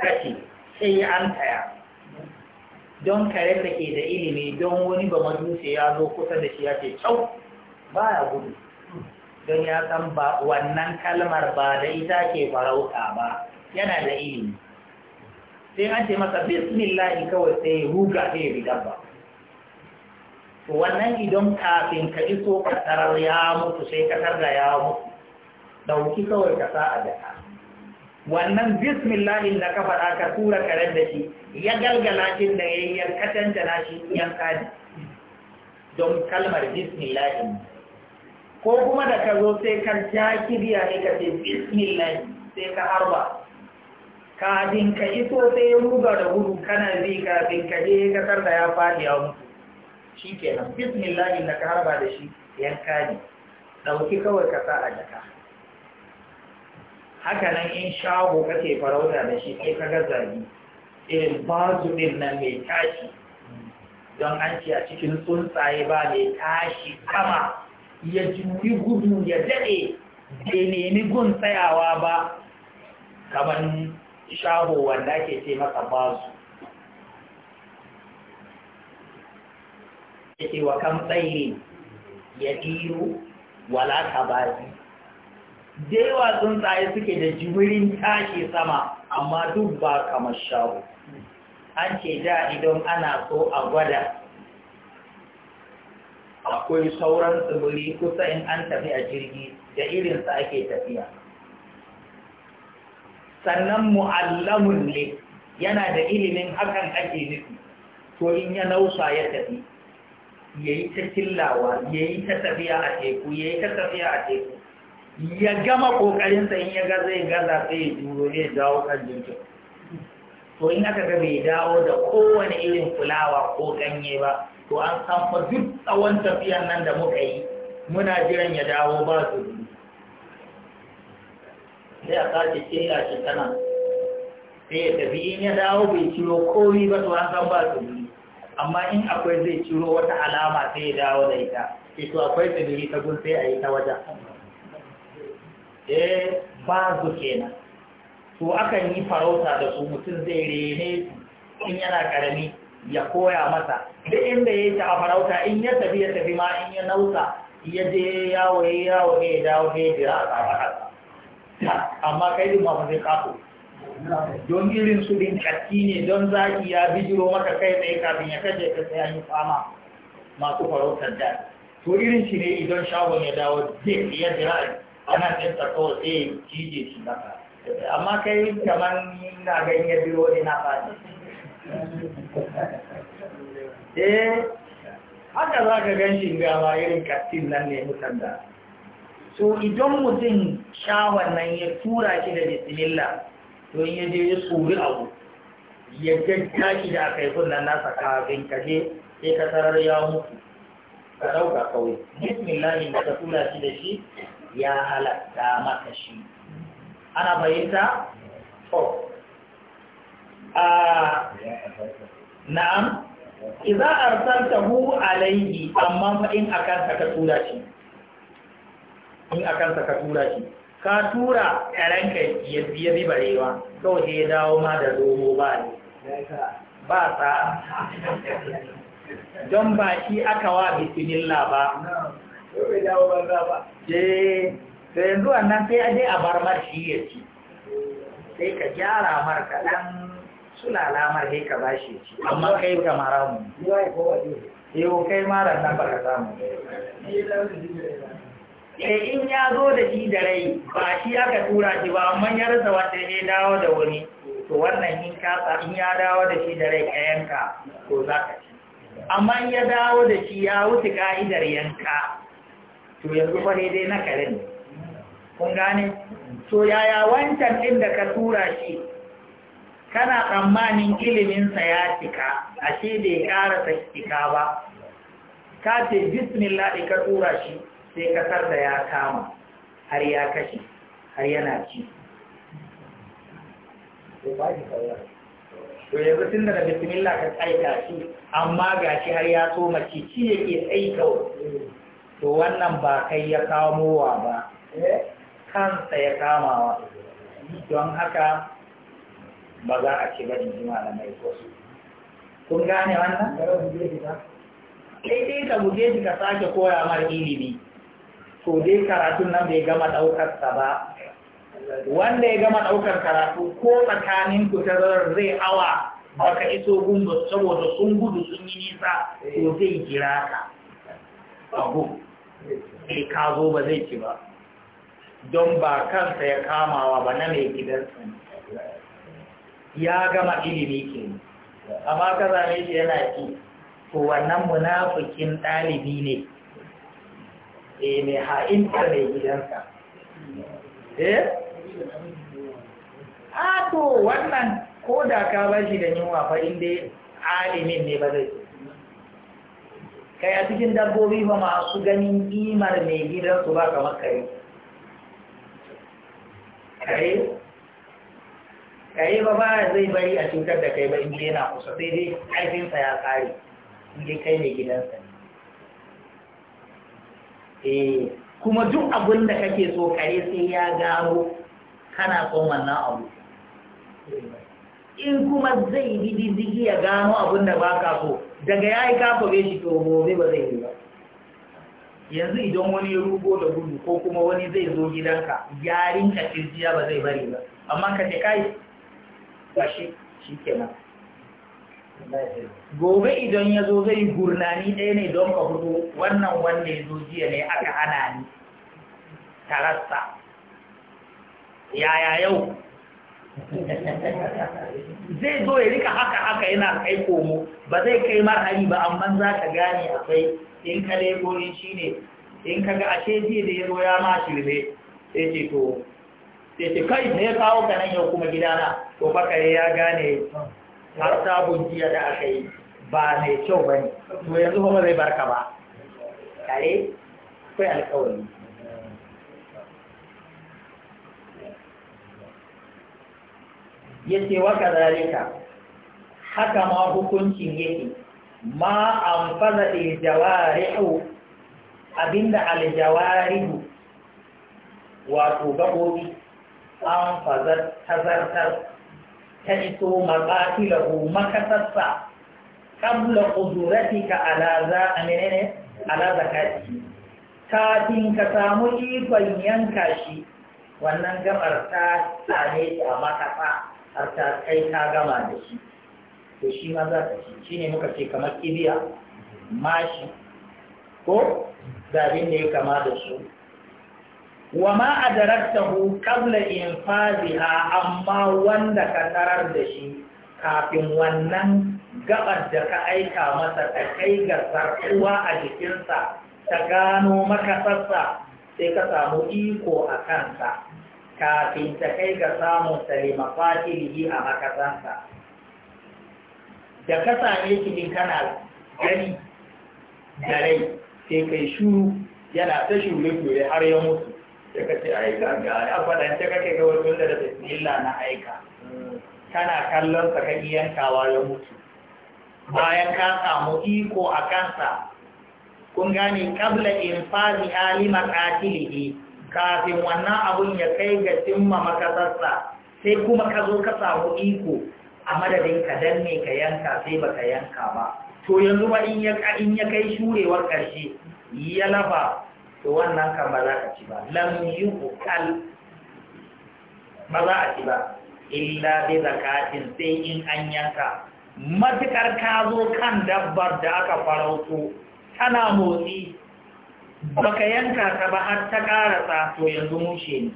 kashi sai an taya don karen da ke da ilimi don wani ba majusa ya zo kusa da shi ya ce cau ba ya gudu don ya san ba wannan kalmar ba da ita ke farauta ba yana da ilimi sai an ce masa bismillahi kawai sai huga sai ya bi dabba to wannan idan kafin ka iso ka tarar ya mutu sai ka da ya mutu dauki kawai ka sa a daka wannan bismillahin da ka faɗa ka tura karen da shi ya galgala shi da ya yi ya katanta na shi yanka ne don kalmar bismillahin ko kuma da ka zo sai ka ja kibiya ne ka ce bismillahi sai ka harba kafin ka iso sai ya ruga da gudu kana zika kafin ka je kasar da ya faɗi ya mutu shi kenan bismillahi na ka harba da shi yanka ne ɗauki kawai ka sa a jaka haka nan in shago kake farauta da shi sai ka ga zagi irin su ɗin nan mai tashi don an ce a cikin tsuntsaye ba mai tashi kama ya juyi gudu ya daɗe bai nemi gun tsayawa ba kamar shago wanda ke ce masa su yace wa kan tsairin ya ɗiro wala tabari dewa tsuntsaye suke da jimirin tashi sama amma duk ba kamar shawo an ce da idan ana so a gwada akwai sauran tsibiri kusa in an tafi a jirgi da irinsa ake tafiya sannan mu'allamun ne yana da ilimin hakan ake nufi to in ya nausa ya tafi ya yi ta killawa ya yi ta tafiya a teku ya yi ta tafiya a teku ya gama ƙoƙarinsa in ya gaza ya gaza sai ya duro ya dawo kan jirgin to in aka ga bai dawo da kowane irin fulawa ko ganye ba to an san fa duk tsawon tafiyan nan da muka yi muna jiran ya dawo ba su sai a sace killa shi tana sai ya tafi in ya dawo bai ciro komi ba to an san ba su biyu amma in akwai zai ciro wata alama sai ya dawo da ita sai to akwai tsibiri ta gun sai a yi ta wajen eh ba su kenan to akan yi farauta da su mutum zai rene in yana karami ya koya masa duk inda ya ta a farauta in ya tafi ya tafi ma in ya nausa ya je yawo ya yawo ya dawo ya jira a tsafakarsa amma kai din ba zai kafo don irin su din kaki ne don zaki ya bijiro maka kai mai kafin ya kashe ka sai an yi fama masu farautar da to irin shi ne idan shagon ya dawo zai ya jira ana ta kawai sai cije shi maka amma kai kamar na ganin ya biro na fadi eh haka za ka gan shi ma irin kastin nan ne mutanda so idan mutum shawan nan ya tura shi da bismillah to in yaje ya tsori abu ya tattaki da aka yi kunnan nasa kafin kaje sai ka tarar ya mutu ka ɗauka kawai bismillahin da ka tura shi da shi ya halatta maka shi ana bayyanta? to na'am iza arsaltahu alayhi amma fa in akan ka tura shi in akan ka tura shi ka tura yaranka ya bi barewa kawai ya dawo ma da dogo ba ne ba sa don ba shi aka wa bisimilla ba sai eh, yanzu wannan sai aje a bar mar shi ya ci sai ka gyara mar ka ɗan sulala mar sai ka shi ya ci amma kai ka mara mu yau eh, kai mara nan ba ka samu Eh in ya zo da shi da rai ba shi aka tura shi ba amma ya rasa wata ya dawo da wuri to wannan in ka in ya dawo da shi da rai ka yanka to za ka ci amma ya dawo da shi ya wuce ka'idar yanka to yanzu fa dai na ne kun gane to yaya wancan din da ka tura shi kana tsammanin iliminsa ya cika ashe bai karasa cika ba ka ce bismillah ka tura shi sai kasar da ya kama har ya kashe har yana ci to yanzu tun daga bisimila ka tsaika shi amma ga shi har ya so mace ci yake tsaika to wannan ba kai ya kamowa ba eh? kansa ya kamawa don haka ba za a ce ba in ji mai ko kun gane wannan? Sai ka guje ka sake koya mara ilimi to dai karatun nan bai gama ɗaukarsa ba wanda ya gama ɗaukar karatu ko tsakanin ku ta zai awa baka iso gumba saboda sun gudu sun yi nisa to zai jira ka abu bai ka zo ba zai ci ba don ba kansa ya kamawa ba na mai gidansa ya gama ilimi ke amma ka zane shi yana ci to wannan munafikin ɗalibi ne eh mai ha'intar mai gidansa eh a to wannan ko da ka ba shi da yunwa fa inda alimin ne ba zai kai a cikin dabbobi ba masu ganin imar mai gidansu ba kamar kare kare kare ba ba zai bari a cutar da kai ba inda yana kusa sai dai ƙarfinsa ya ƙare inda kai mai gidansa ne eh kuma duk abin da kake so kare sai ya gano kana son wannan abu in kuma zai yi diddigi ya gano abin da ba ka so daga ya yi kafabe shi to gobe ba zai yi ba yanzu idan wani ya rugo da gudu ko kuma wani zai zo gidanka yarin ka kirjiya ba zai bari ba amma ka ce kai ba shi shi kenan gobe idan ya zo zai gurnani ɗaya ne don ka hudu wannan wanda ya zo jiya ne aka hana ni tarasta yaya yau zai zo ya rika haka haka yana kai komo ba zai kai marhari ba amma za ka gane akwai in ka legorin shi ne in ka ga ashe jiya da ya zo ya ma shirme sai ce to sai ce kai ne ya kawo ka nan yau kuma gidana to bakare ya gane har sabon jiya da aka yi ba mai kyau ba ne to yanzu kuma zai barka ba kare kai alkawari yake wa kadalika haka ma hukuncin yake ma an anfaza aljawarihu abinda aljawarihu wato gabobi an fada tazartar ta iso maƙatilahu makasarsa ƙabla ƙuduratika ala za a kafin ka samu ikon yanka shi wannan gamar ta same ta makasa har ta kai ta gama da shi to shi ma za ka ci ne muka ce kamar kibiya mashi ko zabin da ya kama da su wa ma kabla in infaziha amma wanda ka tarar da shi kafin wannan gabar da ka aika masa ta kai ga sarkuwa a jikinsa ta gano makasarsa sai ka samu iko a kansa kafin ta kai ga samun salima fatilihi a makasarsa. da ka same shi kana gani da rai sai kai shuru yana ta shure-shure har ya mutu ka ce aika ga a faɗance kake ga wasu da da na aika kana kallon sa kan yankawa ya mutu bayan ka samu iko a kansa kun gane kabla in Ali alima qatilihi kafin wannan abun ya kai ga cimma makasarsa sai kuma ka zo ka samu iko a madadin ka danne ka yanka sai baka yanka ba to yanzu ba in ya kai shurewar karshe ya lafa to wannan kan ba za a ci ba lam yi ukal ba za a ci ba illa bi zakatin sai in an yanka matukar ka zo kan dabbar da aka farauto tana motsi baka yanka ta ba har ta karasa to yanzu mushe ne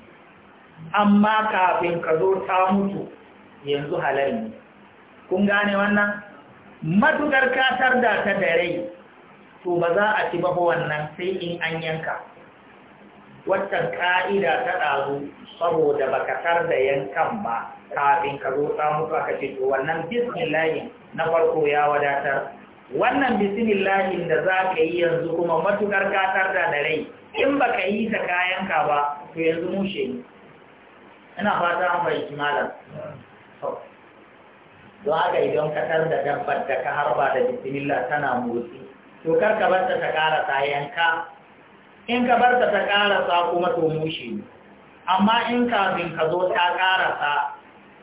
amma kafin ka zo ta mutu yanzu halal ne kun gane wannan matukar katar da ta da rai to ba za a ci ba wannan sai in an yanka wata ka'ida ta ɗazu saboda baka tar da yankan ba kafin ka zo samu aka ce to wannan bismillahi na farko ya wadatar wannan bismillahi da za ka yi yanzu kuma matukar tar da da rai in baka yi ta kayanka ba to yanzu mushe ne ina fata an malam don haka idan tar da dabbar da ka harba da bismillah tana motsi to kar ka barta ta karasa yanka in ka barta ta karasa kuma to mushe ne amma in kafin ka zo ta karasa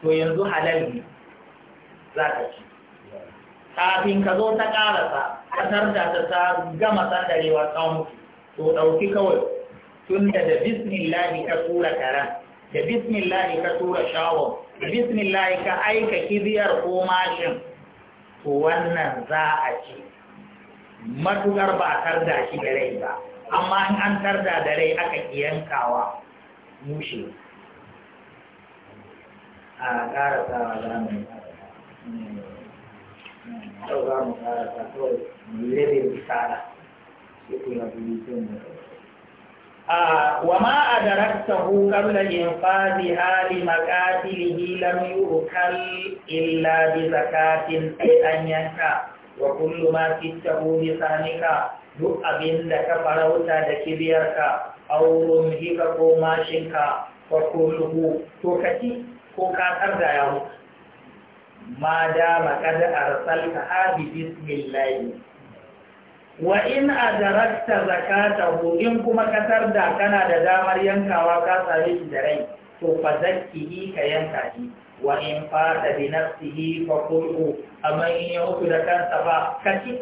to yanzu halal ne za ka ci kafin ka zo ta karasa kasar da ta ta gama sandarewa tsawon to ɗauki kawai tun da da bismillahi ka tura karen, da bismillahi ka tura shawon da bismillahi ka aika kibiyar ko mashin to wannan za a ci matuƙar ba a tarda shi da rai ba amma in an tarda da rai aka yankawa mushe a ƙarasa zamani yau za mu ƙarasa kawai mu yi وما أدركته قبل لم يؤكل إلا بزكاة أي أن wa kullu ma kittahu bi sanika duk abin da ka farauta da kibiyarka aurum hika ko mashinka fa kulluhu to kaci ko ka tarda ya mu ma ma kad arsalta ha bi bismillah wa in adrakta zakatahu in kuma ka tarda kana da damar yankawa ka sare shi da rai to fa zakki ka yanka shi وإن فات بنفسه فقل إن يغفر كان سبا كشي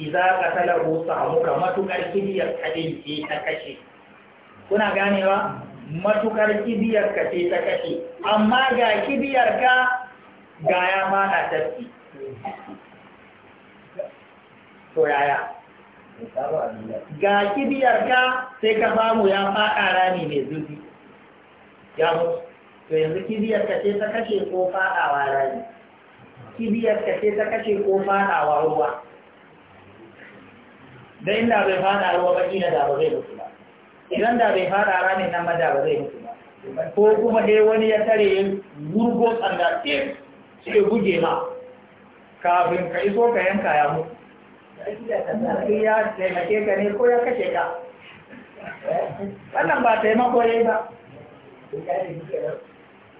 إذا قتله صاحبك ما تكركب يكتب في تكشي كنا قاني غانيوا ما تكركب يكتب تكشي أما غا كبيرك غايا ما نتبكي to yaya ga kibiyarka sai ka samu ya faɗa rami mai zurfi ya mutu to yanzu kibiyar ka ce ta kashe ko fadawa rani kibiyar ka ce ta kashe ko fadawa ruwa da inda bai fada ruwa ba kina da ba zai mutu ba idan da bai fada rani nan ma da ba zai mutu ba ko kuma dai wani ya tare yin gurgo tsanga ce sai buge ma kafin ka iso ka yanka ya mutu ya taimake ka ne ko ya kashe ka wannan ba taimako ya yi ba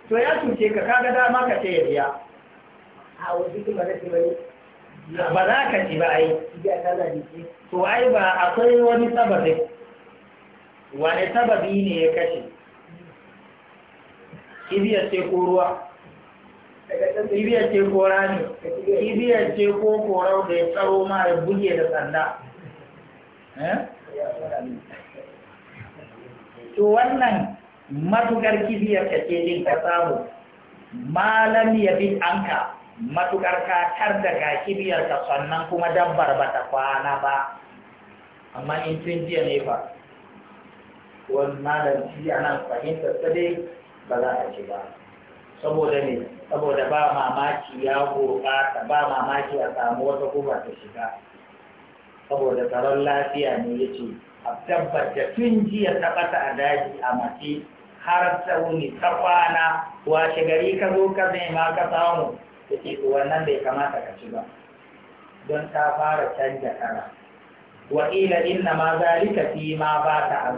to ya cuce ka kaga dama ka ce ya biya a wasu kuma da ce bai ba za ka ci ba ai to ai ba akwai wani sababi wani sababi ne ya kashe kibiyar ce ko ruwa kibiyar ce ko rani kibiyar ce ko korau da ya tsaro ma ya buge da sanda eh? to wannan matukar kibiyar ta ce din ka samu malam ya bi anka matukar ka tar daga kibiyar ka sannan kuma dabbar ba ta kwana ba amma in tun jiya ne fa wani malam shi ana fahimtar ta dai ba za a ci ba saboda ne saboda ba mamaki ya gurɓata ba mamaki a samu wata guba ta shiga saboda tsaron lafiya ne ya ce a tabbata tun jiya ta ɓata a daji a mace har wuni ta kwana washe gari ka zo ka ma ka samu da teku wannan bai kamata ka ci ba don ta fara canja kara wa ila inna ma zalika fi ma ba ta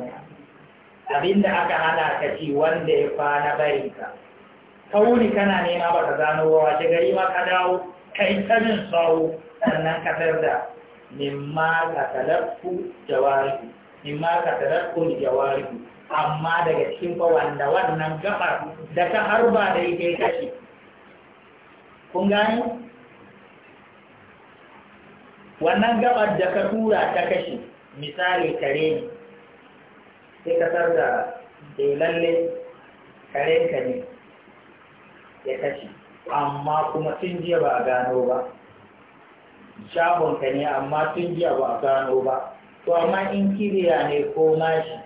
abinda aka hana ka ci wanda ya kwana bari ka Ka wuni kana nema ba ka gano wa washe gari ma ka dawo kai ta jin sawo sannan ka da mimma ka talakku jawari mimma ka jawari amma daga cikin da wannan gabar da ta harba da ita ya kashe kun gani wannan gabar da ka tura ta kashe misali kare ne sai ka tarda da lalle kare ka ne ya kashe amma kuma tun jiya ba a gano ba shagonka ne amma tun jiya ba a gano ba to amma in kiriya ne ko mashi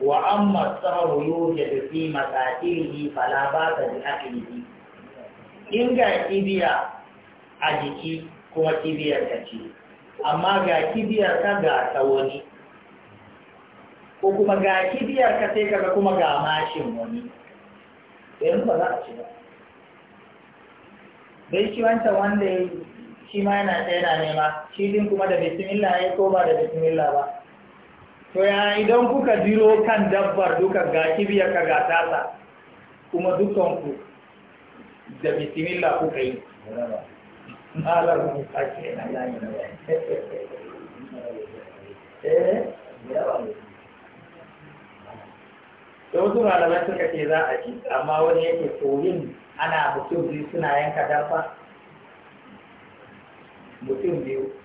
wa amma sahru yujadu fi masatirihi fala ba'sa bi aklihi in ga kibiya a jiki kuma kibiyar ka ce amma ga kibiyar ka ga ta wani ko kuma ga kibiyar ka sai kaga kuma ga mashin wani yanzu ba za a ci ba Bai shi wancan wanda shi ma yana tsaye na nema shi din kuma da bismillah ya ko ba da bismillah ba to ya idan kuka jiro kan dabbar duka ga kibiya ka ga tasa kuma dukanku da bismillah kuka yi malar ke eh? da wasu malamai suka ce za a ci amma wani yake koyin ana mutum biyu suna yanka dafa? mutum biyu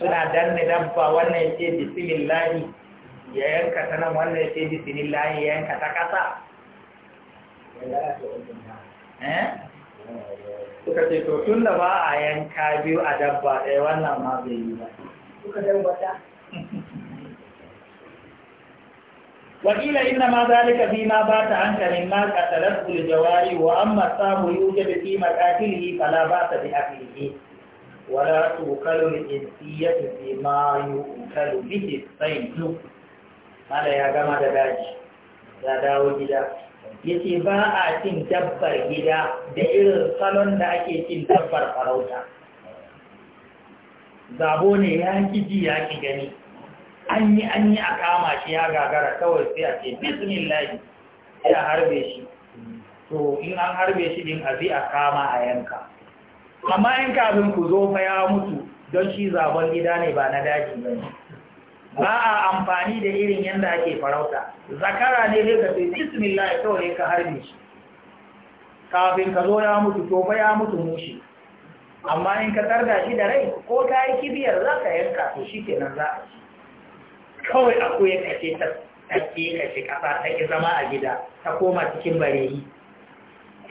suna danne dabba wannan ya ce bisimillahi ya yanka ta nan wannan ya ce bisimillahi ya yanka ta kasa eh? suka ce to tun da ba a yanka biyu a dabba ɗaya wannan ma zai yi ba وقيل إنما ذلك فيما بات عنك مما قتلته الجواري وأما السام يوجد في مقاتله فلا بأس بأكله ولا توكل الإنسية بما يؤكل به الصيد هذا يا جماعة داجي da dawo gida ya ce ba a cin dabbar gida da irin salon da ake cin dabbar farauta zabo ne ya ji ya ki gani an yi an yi a kama shi ya gagara kawai sai a ce bismillahi sai a harbe shi to in an harbe shi din a zai a kama a yanka amma in kafin ku zo fa ya mutu don shi zagon gida ne ba na daji ba ba a amfani da irin yadda ake farauta zakara ne zai ka sai bismillah ya kawai ka harbe shi kafin ka zo ya mutu to fa ya mutu mushi amma in ka tarda shi da rai ko ta yi kibiyar za ka yanka to shi ke nan za a ci kawai akwai ya kace ta kashe kasa ta ki zama a gida ta koma cikin bareyi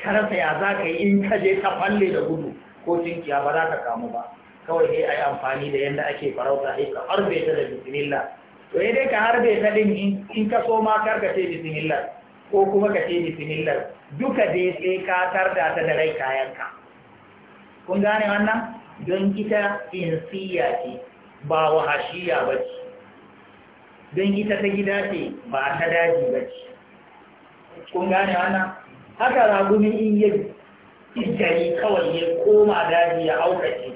karasa ya za ka yi in ka je ta falle da gudu ko cinkiya ba za ka kamu ba kawai sai a yi amfani da yadda ake farauta sai ka harbe ta da bismillah to ya dai ka harbe ta din in ka so ma kar ka ce bismillah ko kuma ka ce bismillah duka dai sai ka tarda ta da rai kayanka kun gane wannan don ita insiya ce ba wahashiya ba ce don ita ta gida ce ba ta daji ba ce kun gane wannan haka ragumi in yi gari kawai ya koma daji ya aukace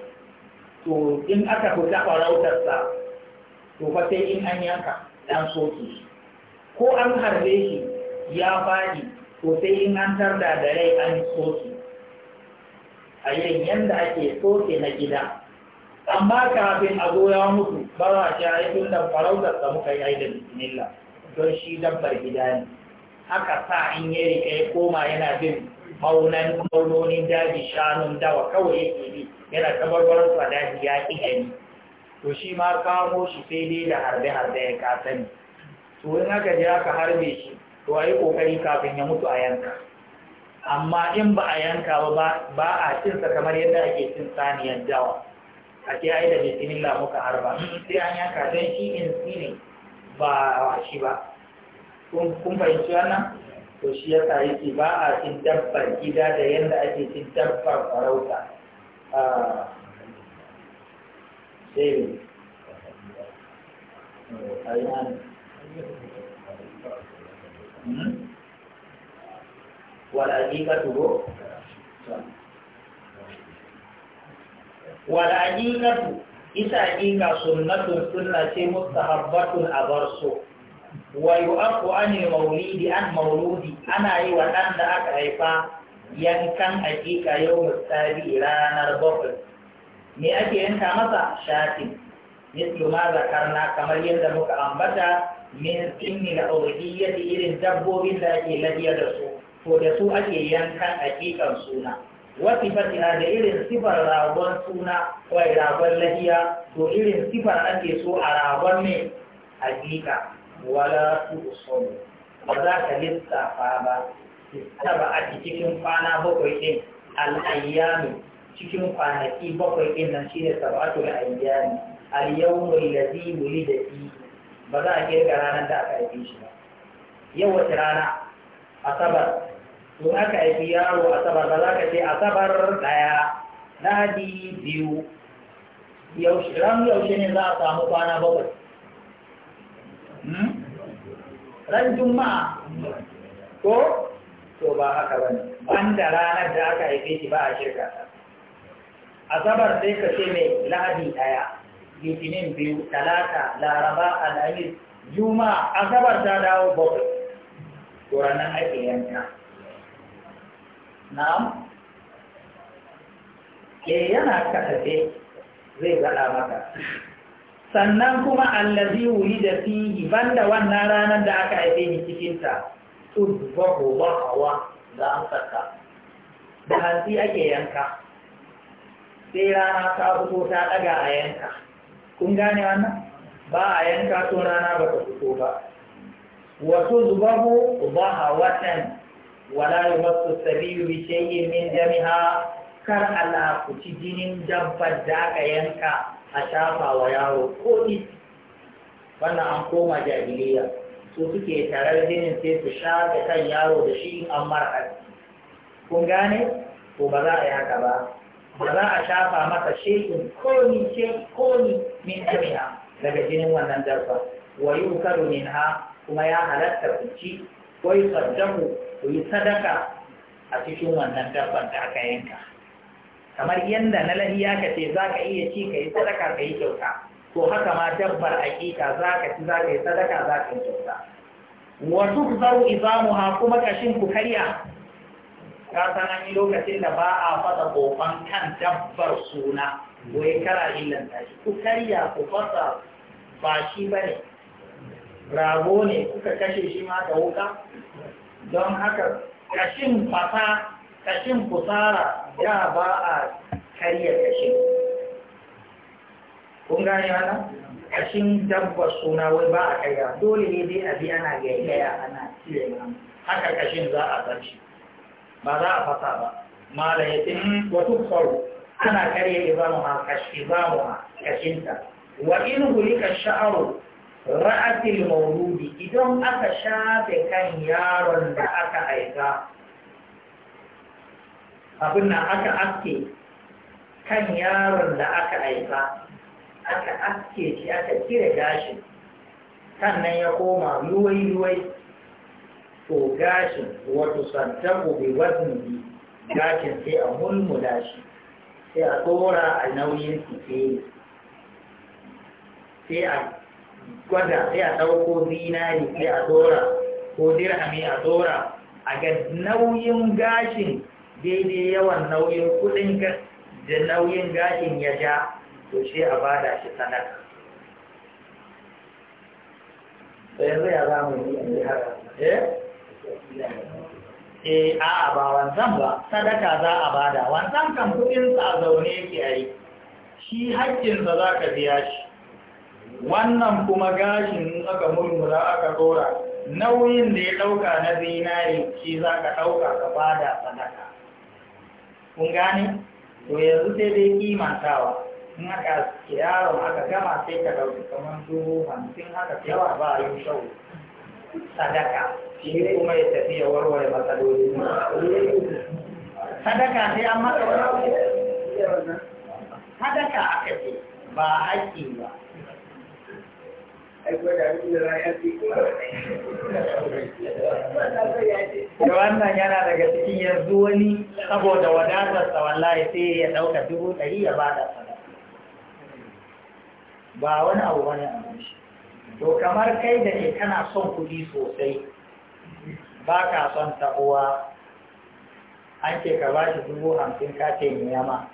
to in aka fita farautarsa to fa sai in an yanka dan soke ko an harbe shi ya faɗi to sai in an tarda da rai an soke a yin yanda ake soke na gida amma kafin a zo ya mutu ba za a sha yi da farautarsa muka yi da bismillah don shi dabbar gida ne haka sa in ya rike koma yana bin maunan maunonin daji shanun dawa kawai yake bi yana tabarbaran su a daji ya to shi ma kamo shi sai dai da harbe-harbe ya kasani to in aka jira ka harbe shi to a yi ƙoƙari kafin ya mutu a yanka amma in ba a yanka ba ba a cinsa kamar yadda ake cin saniyar dawa a ce ai da bismillah muka harba sai an yanka don shi in ne ba shi ba kun fahimci wannan to shi yasa yake ba a cin dabbar gida da yadda ake cin dabbar farauta a ah, sai ah, hmm? wala hikatu isa hika sunnatun sunna ce mustahabbatun a bar so. wa yu'aqqu an maulidi an mauludi ana yi wa ɗan da aka haifa yankan hakika yau mustabi ranar bakwai me ake yanka masa shafi mislu ma zakarna kamar yadda muka ambata min sinni da auriyyati irin dabbobin da ake lafiya da su to da su ake yankan hakikan suna wasu fatiha da irin sifar ragon suna wai ragon lahiya to irin sifar ake so a ragon ne hakika wala tuqsamu ba za ka lissafa ba taba a cikin kwana bakwai ɗin al'ayyami cikin kwanaki bakwai ɗin nan shine sab'atu al-ayyami al lazi Wuli da fi ba za a kirga ranar da aka haife shi ba yau wace rana asabar in aka haifi yaro asabar ba za ka ce asabar ɗaya lahadi biyu yaushe ran yaushe ne za a samu kwana bakwai ran juma'a ko to ba haka ba ne banda ranar da aka haife shi ba a shirka asabar sai ka ce mai lahadi ɗaya litinin biyu talata laraba alhamis juma'a asabar ta dawo bakwai to ranar ake yanka na'am ke eh, yana kasafe zai gada maka sannan kuma allazi wulida fihi banda wannan ranar da aka haife ni cikin ta tudbahu wahawa za a saka da hantsi ake yanka sai rana ta fito ta daga a yanka kun gane wannan ba a yanka to rana ba ta fito ba wato zubahu wahawatan wala yumassu sabiyu bi shay'in min jamiha kar ala ku ci jinin dabbar da aka yanka a shafa wa yaro ko isi wannan an koma jahiliya su suke tarar jinin sai su shafa kan yaro da shi in an mara aski kun gane ko ba za a yi haka ba ba za a shafa masa shekin koni ce koni min amina daga jinin wannan darba wa yi ukaru min ha kuma ya halatta ku ci ko yi yi sadaka a cikin wannan darban da aka yanka kamar yadda na lahiya ka ce za ka iya ci ka yi sadaka ka yi kyauta to haka ma dabbar aƙiƙa za ka ci za ka yi sadaka za ka yi kyauta wa tukzaru ha kuma kashin ku karya ka san an yi lokacin da ba a fasa kofan kan dabbar suna ko ya kara ta shi ku karya ku fasa ba shi ba ne rago ne kuka kashe shi ma da wuka don haka kashin fasa kashin kusara da ba a karya kashin kun gane ana kashin dabbar suna wai ba a karya dole ne dai a bi ana gaigaya ana cire haka kashin za a zarci ba za a fasa ba da ya ce hmm, wasu kwaro ana karya izamu ma kashi izamu ha kashinta wa in hulika sha'aru ra'atil mauludi idan aka shafe kan yaron da aka aika abin nan aka aske kan yaron da aka haifa aka aske shi aka cire gashin sannan ya koma ruwai-ruwai to gashin wato santaku bai wazin gashin sai a mulmula shi sai a tsora a nauyin suke, sai a gwada sai a ɗauko zinari sai a tsora ko dirhami a tsora a ga nauyin gashin daidai yawan nauyin kudin da nauyin gashin ya ja to sai a bada shi sanaka? yanzu ya za mu haka eh eh a ba wanzan ba sadaka za a bada wanzan kan kudin sa a zaune yake ai shi haƙƙin sa za ka biya shi wannan kuma gashin aka murmura aka dora nauyin da ya ɗauka na zinari shi za ka ɗauka ka bada sadaka kun gane to yanzu sai dai kimantawa in aka yaron aka gama sai ka ɗauki kamar dubu hamsin haka yawa ba a yi shau sadaka shi kuma ya tafi ya warware matsaloli sadaka sai an masa wani sadaka aka ce ba haƙƙi ba da wannan yana daga cikin yanzu wani saboda wadatarsa wallahi sai ya ɗauka dubu ɗari ya ba da ba wani abu wani abu shi to kamar kai da ke kana son kuɗi sosai ba ka son ta'uwa an ke ka ba shi dubu hamsin ka ce yama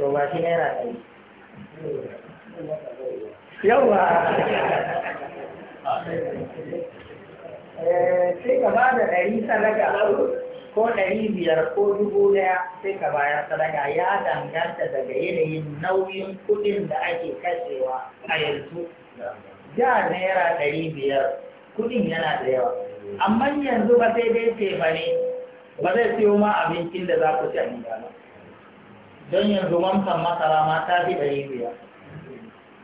to ba shi naira ɗari yawa eh, sai ka ba da ɗari sadaka ko ɗari biyar ko dubu ɗaya sai ka bayar sadaka ya danganta daga yanayin nauyin kuɗin da ake kashewa a yanzu da naira ɗari biyar kuɗin yana da yawa amma yanzu ba sai dai ce ba ne ba zai siyo ma abincin da za ku ci a ba don yanzu wankan masara ma ta fi ɗari biyar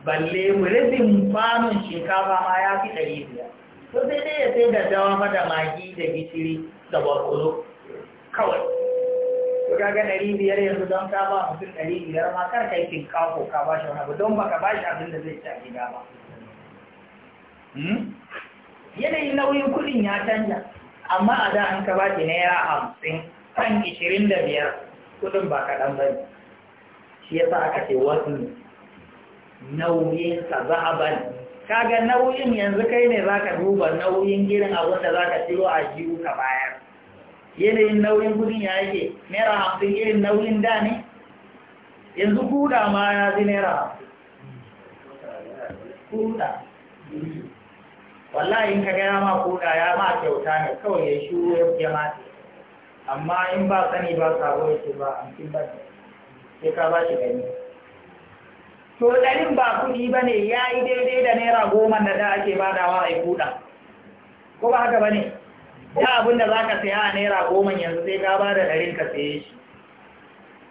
balle rabin famin shinkafa ma ya fi ɗari biyar to sai dai ya sai da dawa da magi da gishiri da barkono kawai to kaga ɗari biyar yanzu don ka ba mutum ɗari biyar ma kar ka yi shinkafo ka ba shi wani abu don baka ba shi abin da zai ci a gida ba hmm? yanayin nauyin kuɗin ya canja amma a da an ka ba shi naira hamsin kan ishirin da biyar kuɗin ba kaɗan ba ne shi yasa aka ce wasu ne nauyinsa Ka kaga nauyin yanzu kai ne za ka duba nauyin girin abin da za ka tiro a jiwu ka bayar yanayin nauyin kudin ya yake naira hamsin irin nauyin da ne yanzu kuda ma ya zi naira hamsin kuda wallahi in ka gaya ma kuda ya ma kyauta ne kawai ya shuru ya mace amma in ba sani ba sabo ya ce ba hamsin ba sai ka ba shi gani to ɗarin ba kuɗi ba ne ya yi daidai da naira goma da da ake badawa a kuɗa ko ba haka ba ne da abin da za ka saya a naira goma yanzu sai ka ba da ɗarin ka saye shi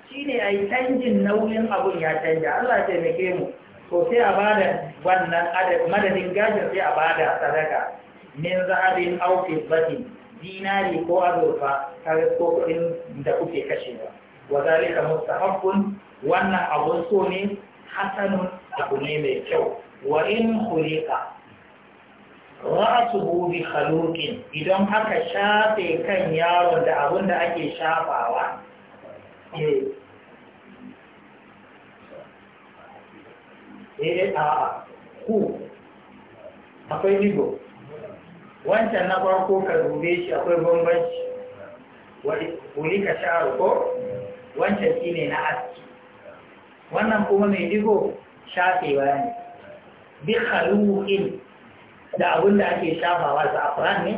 shi ne a yi canjin nauyin abin ya canja allah ke mu to sai a ba da wannan madadin gajin sai a ba da sadaka min zahabin au batin, dinari ko azurfa kaga ko kuɗin da kuke kashewa wa zalika mustahabbun wannan abun so ne hasanun abu ne mai kyau wa in khuliqa ra'suhu bi khaluqin idan aka shafe kan yaron da abin da ake shafawa eh eh, eh a ku akwai digo wancan na farko ka dube shi akwai bambanci wani ka sha'ar ko wancan shi ne na aski wannan kuma mai digo shafe bayani bi khaluqin da abin da ake shafawa su a ƙuran ne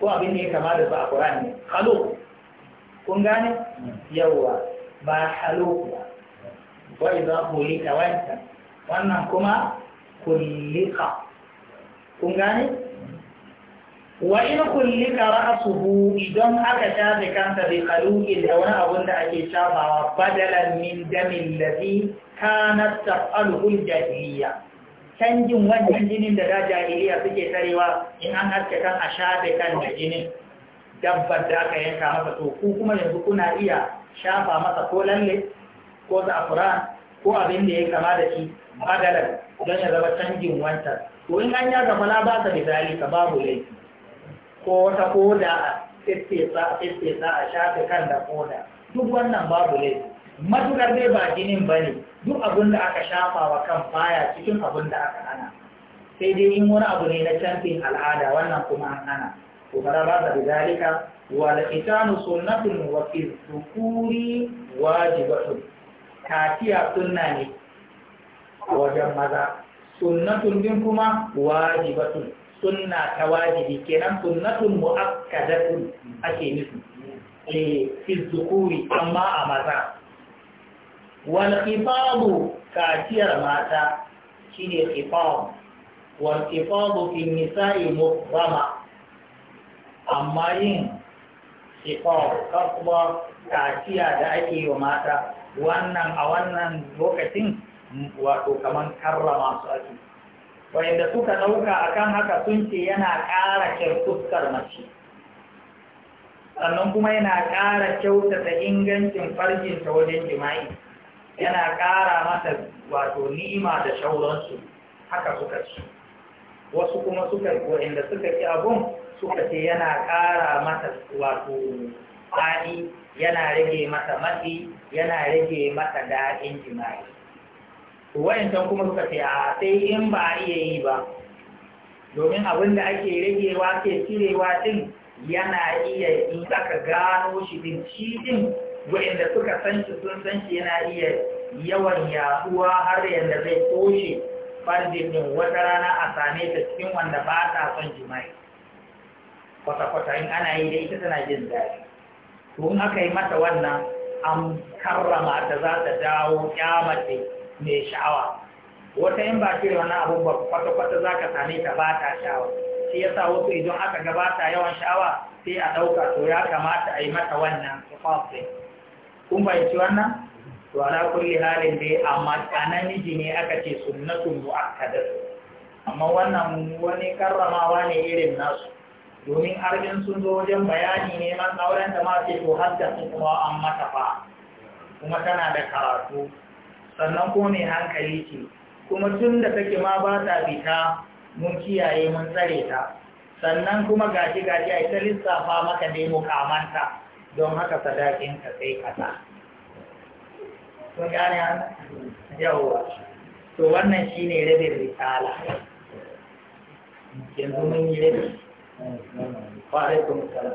ko abin da ya kama da su a ƙuran ne khaluq kun gane yawa ba khaluq ba wai idza ku wa wannan kuma kullika kun gane wa in kullika ra'suhu idan aka tafi kanta bi khaluqin da wani abun da ake tabawa badalan min damin ladhi kanat taqalu jahiliya canjin wannan jinin da da jahiliya suke tarewa in an haske kan a shafe kan jinin dabbar da aka yanka masa to ku kuma yanzu kuna iya shafa masa ko lalle ko za'afuran ko abin da ya kama da shi badalan don ya zama canjin wancan to in an ya gafala ba ta misali ka babu laifi ko wata koda a tsetsa a shafe kan da koda duk wannan babu laifi matukar dai ba jinin ba ne duk abin da aka shafa wa kan baya cikin abin da aka ana sai dai in wani abu ne na canfin al'ada wannan kuma an ana ko fara ba da zalika wal itanu sunnatun wa fi kafiya sunna ne wajen maza sunnatun din kuma wajibatun sunna ta wajibi kenan sunnatun mu'akkadatun ake nufi E, fi zukuri amma a maza wal kaciyar mata shine khifadu wal khifadu fi nisa'i muhrama amma yin khifadu kasba kaciya da ake yi wa mata wannan a wannan lokacin wato kaman karrama su ake wanda suka ɗauka akan haka sun ce yana ƙara kyautar mace sannan kuma yana ƙara kyautata ingancin farjinta wajen jima'i yana ƙara mata wato ni'ima da shauransu haka suka ce wasu kuma suka suka ci abun suka ce yana ƙara mata wato fadi yana rage mata matsi yana rage mata daɗin jima'i can kuma suka ce a sai in ba a iya yi ba domin abin da ake ragewa ke cirewa din yana iya yi aka gano shi din shi din wayanda suka san shi sun san shi yana iya yawan yaduwa har yanda zai toshe farjin din wata rana a same ta cikin wanda ba ta son jima'i kwata-kwata in ana yi da ita tana jin daɗi Tun aka yi mata wannan an karrama ta za ta dawo kyamata mai sha'awa wata in ba shi wani abu ba kwata-kwata za ka same ta ba ta sha'awa shi sa wasu idan aka gabata yawan sha'awa sai a ɗauka to ya kamata a yi mata wannan tufafin kun bayanci wannan to ala kulli halin dai amma a namiji ne aka ce sunnatun mu'akkadatu amma wannan wani karramawa ne irin nasu domin arjin sun zo wajen bayani ne, auren da ma ce to hadda kuma an mata fa kuma tana da karatu sannan kuma mai hankali ce kuma tun da take ma ba ta fita mun kiyaye mun tsare ta sannan kuma gashi gashi a ita lissafa maka dai mukamanta don haka sadakin ka sai kasa kun gane ana yawwa to wannan shine rabin risala yanzu mun yi rabin rabi alaikum salam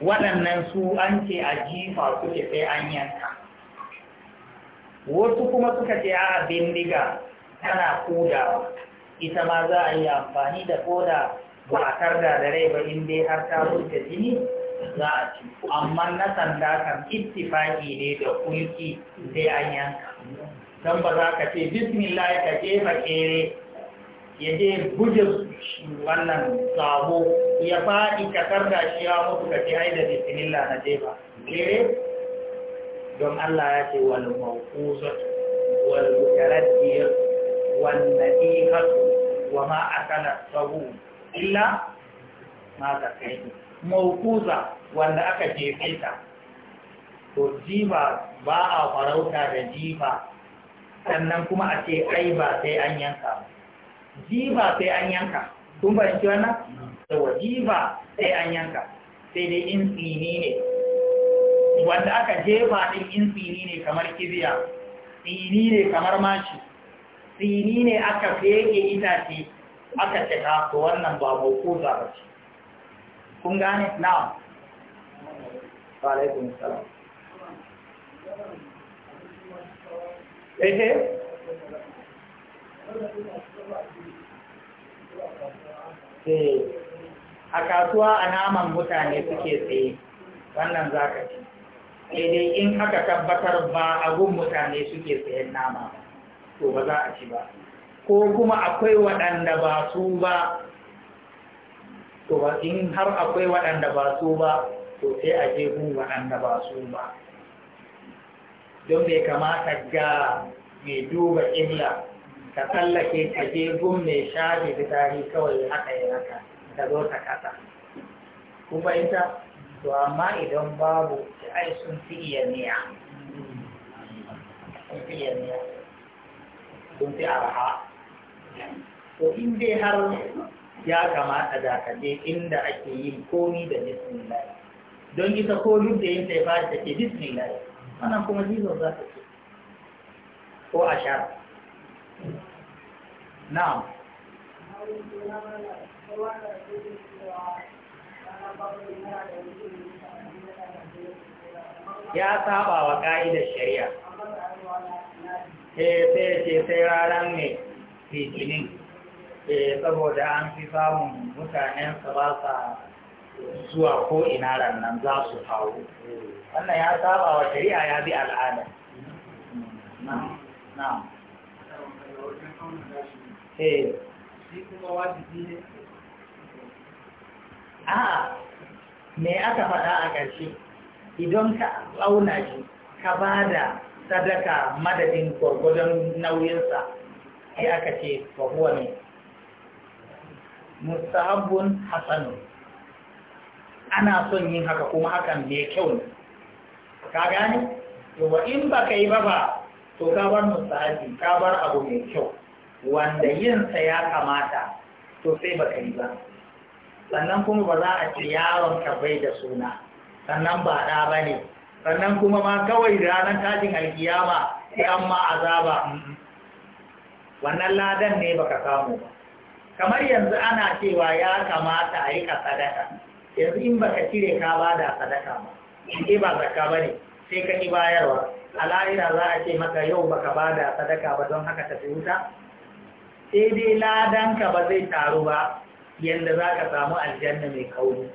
waɗannan su an ce a jifa suke sai an yanka wasu kuma suka ce a abin bindiga tana kodawa ita ma za a yi amfani da koda ba a karga da rai ba in dai har ta wuce jini za a ci amma na sanda kan ittifaki ne da kulki sai an yanka don ba za ka ce bismillah ka jefa kere ya je gujin wannan sabo ya faɗi kakar da shi ya mutu ka jihai ai da bismillah na je ba kere don Allah ya ce wal mawquzat wal mutaraddiyat wani nadihatu wa ma akala sabu illa ma ka kai mawquza wanda aka jefe ta to jiba ba a farauta da jiba sannan kuma a ce ai ba sai an yanka mu jiba sai an yanka kun shi wannan yawa jiba sai an yanka sai dai in tsini ne wanda aka jefa din in tsini ne kamar kibiya tsini ne kamar mashi tsini ne aka feke itace aka cika ah, to wannan ba ko za ba ce kun gane Wa alaikum salam ehe eh? Eh, a kasuwa a naman mutane suke tsaye wannan za ka daidai in aka tabbatar ba a gun mutane suke tsayen nama to ba za a ci ba ko kuma akwai waɗanda ba su ba to in har akwai waɗanda ba su ba to sai a je gun waɗanda ba su ba don bai kamata ga mai duba illa ka tsallake ka je gun mai shafi fitari kawai haka ya haka ta zo ta kasa kun fahimta to amma idan babu sai ai sun fi iya niya sun fi iya niya sun fi arha to in dai har ya kamata da ka je inda ake yin komi da bismillah don ita ko duk da yin taifa da ke bismillah wannan kuma jizo za ta ce ko a shafi ya saba wa ƙa'idar shari'a eh, sai ce sai ranar mai litinin eh, saboda an fi samun mutanen ba sa zuwa ko ina rannan za su hau wannan ya saba wa shari'a ya bi al'ada na'am eh me aka faɗa a ƙarshe idan ka auna shi ka ba da sadaka madadin gwargwadon nauyinsa sai aka ce wa huwa ne mustahabbun Hassanu, ana son yin haka kuma hakan mai kyau ne ka gani, wa in ba ka yi ba ba to ka bar mustahabi ka bar abu mai kyau wanda yinsa ya kamata to sai baka yi ba sannan kuma ba za a ce yaron ka bai da suna sannan ba ɗa ba ne sannan kuma ma kawai ranar tashin alkiyama sai an ma azaba wannan ladan ne ba ka samu ba kamar yanzu ana cewa ya kamata a yi ka sadaka yanzu in ba ka cire ka ba da sadaka ba in ba zaka ba ne sai ka ki bayarwa a za a ce maka yau baka ba da sadaka ba don haka tafi wuta sai dai ladanka ba zai taru ba yadda za ka samu aljanna mai kauri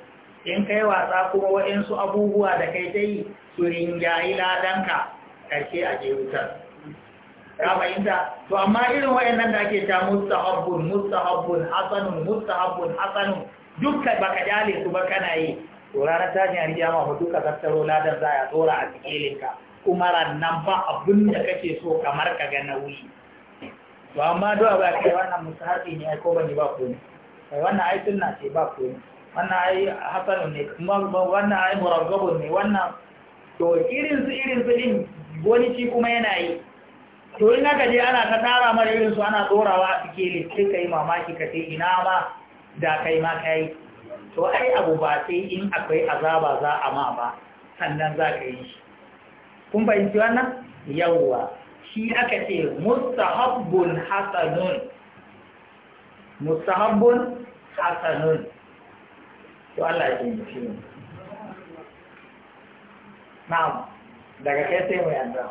in kai wasa kuma waɗansu abubuwa da kai ta yi su ringayi ladanka ƙarshe a ke wutar ka fahimta to amma irin waɗannan da ake ta mustahabbun mustahabbun hasanun mustahabbun hasanun dukkan baka jale su ba kana yi ne a riga ma mu duka tattaro ladan za a tsora a cikin umaran nan ba abin da kake so kamar ka ga nauyi to amma duwa ba kai wannan musahabi ne ko bane ba ko ne kai wannan ai sunna ce ba ko ne wannan ai hasanu ne wannan ai murabbabun ne wannan to irin su irin su din wani ci kuma yana yi to in aka je ana ta tara mara irin su ana tsorawa a cikin listin kai mamaki ka ce ina ma da kai ma kai to ai abu ba sai in akwai azaba za a ma ba sannan za ka yi shi kun fahimci wannan yawwa shi aka ce mustahabbun hasanun mustahabbun hasanun to Allah ya yi shi na'am daga kai sai mu addu'a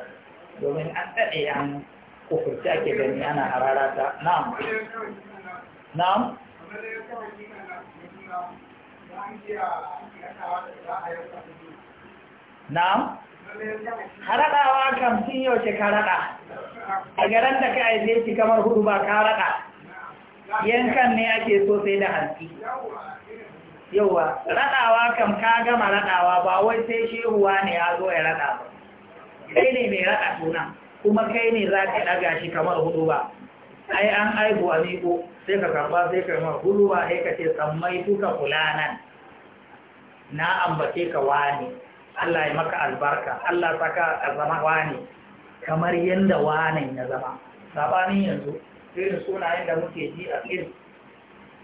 domin an dade an kufurci ake gani ana harara ta na'am na'am na'am haraɗawa kam sun yaushe ka raɗa a garan da ka aise shi kamar hudu ba ka raɗa yankan ne ake so sai da hanti yauwa raɗawa kam ka gama raɗawa ba wai sai shehuwa ne ya zo ya raɗa ba kai ne mai raɗa sunan kuma kai ne za ka ɗaga shi kamar hudu ba ai an aibu a miko sai ka karɓa sai ka ma hudu ba sai ka ce sammai tuka na ambace ka wani Allah ya maka albarka Allah saka a zama wani kamar yadda wani ya zama sabanin yanzu irin sunayen da muke ji a irin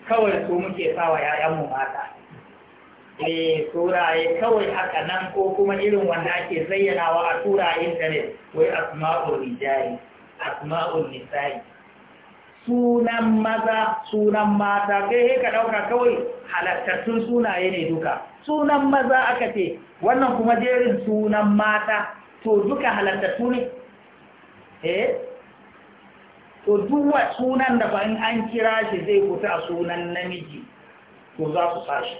kawai su muke sawa yayanmu mata eh suraye kawai haka nan ko kuma irin wanda ake zayyanawa a tura intanet wai asma'ul rijali asma'ul nisa'i sunan maza sunan mata kai ka dauka kawai halartattun sunaye ne duka sunan maza aka ce wannan kuma jerin sunan mata to duka halattattu tuni, eh to duwa sunan da ba in an kira shi zai fita a sunan namiji to za su sashi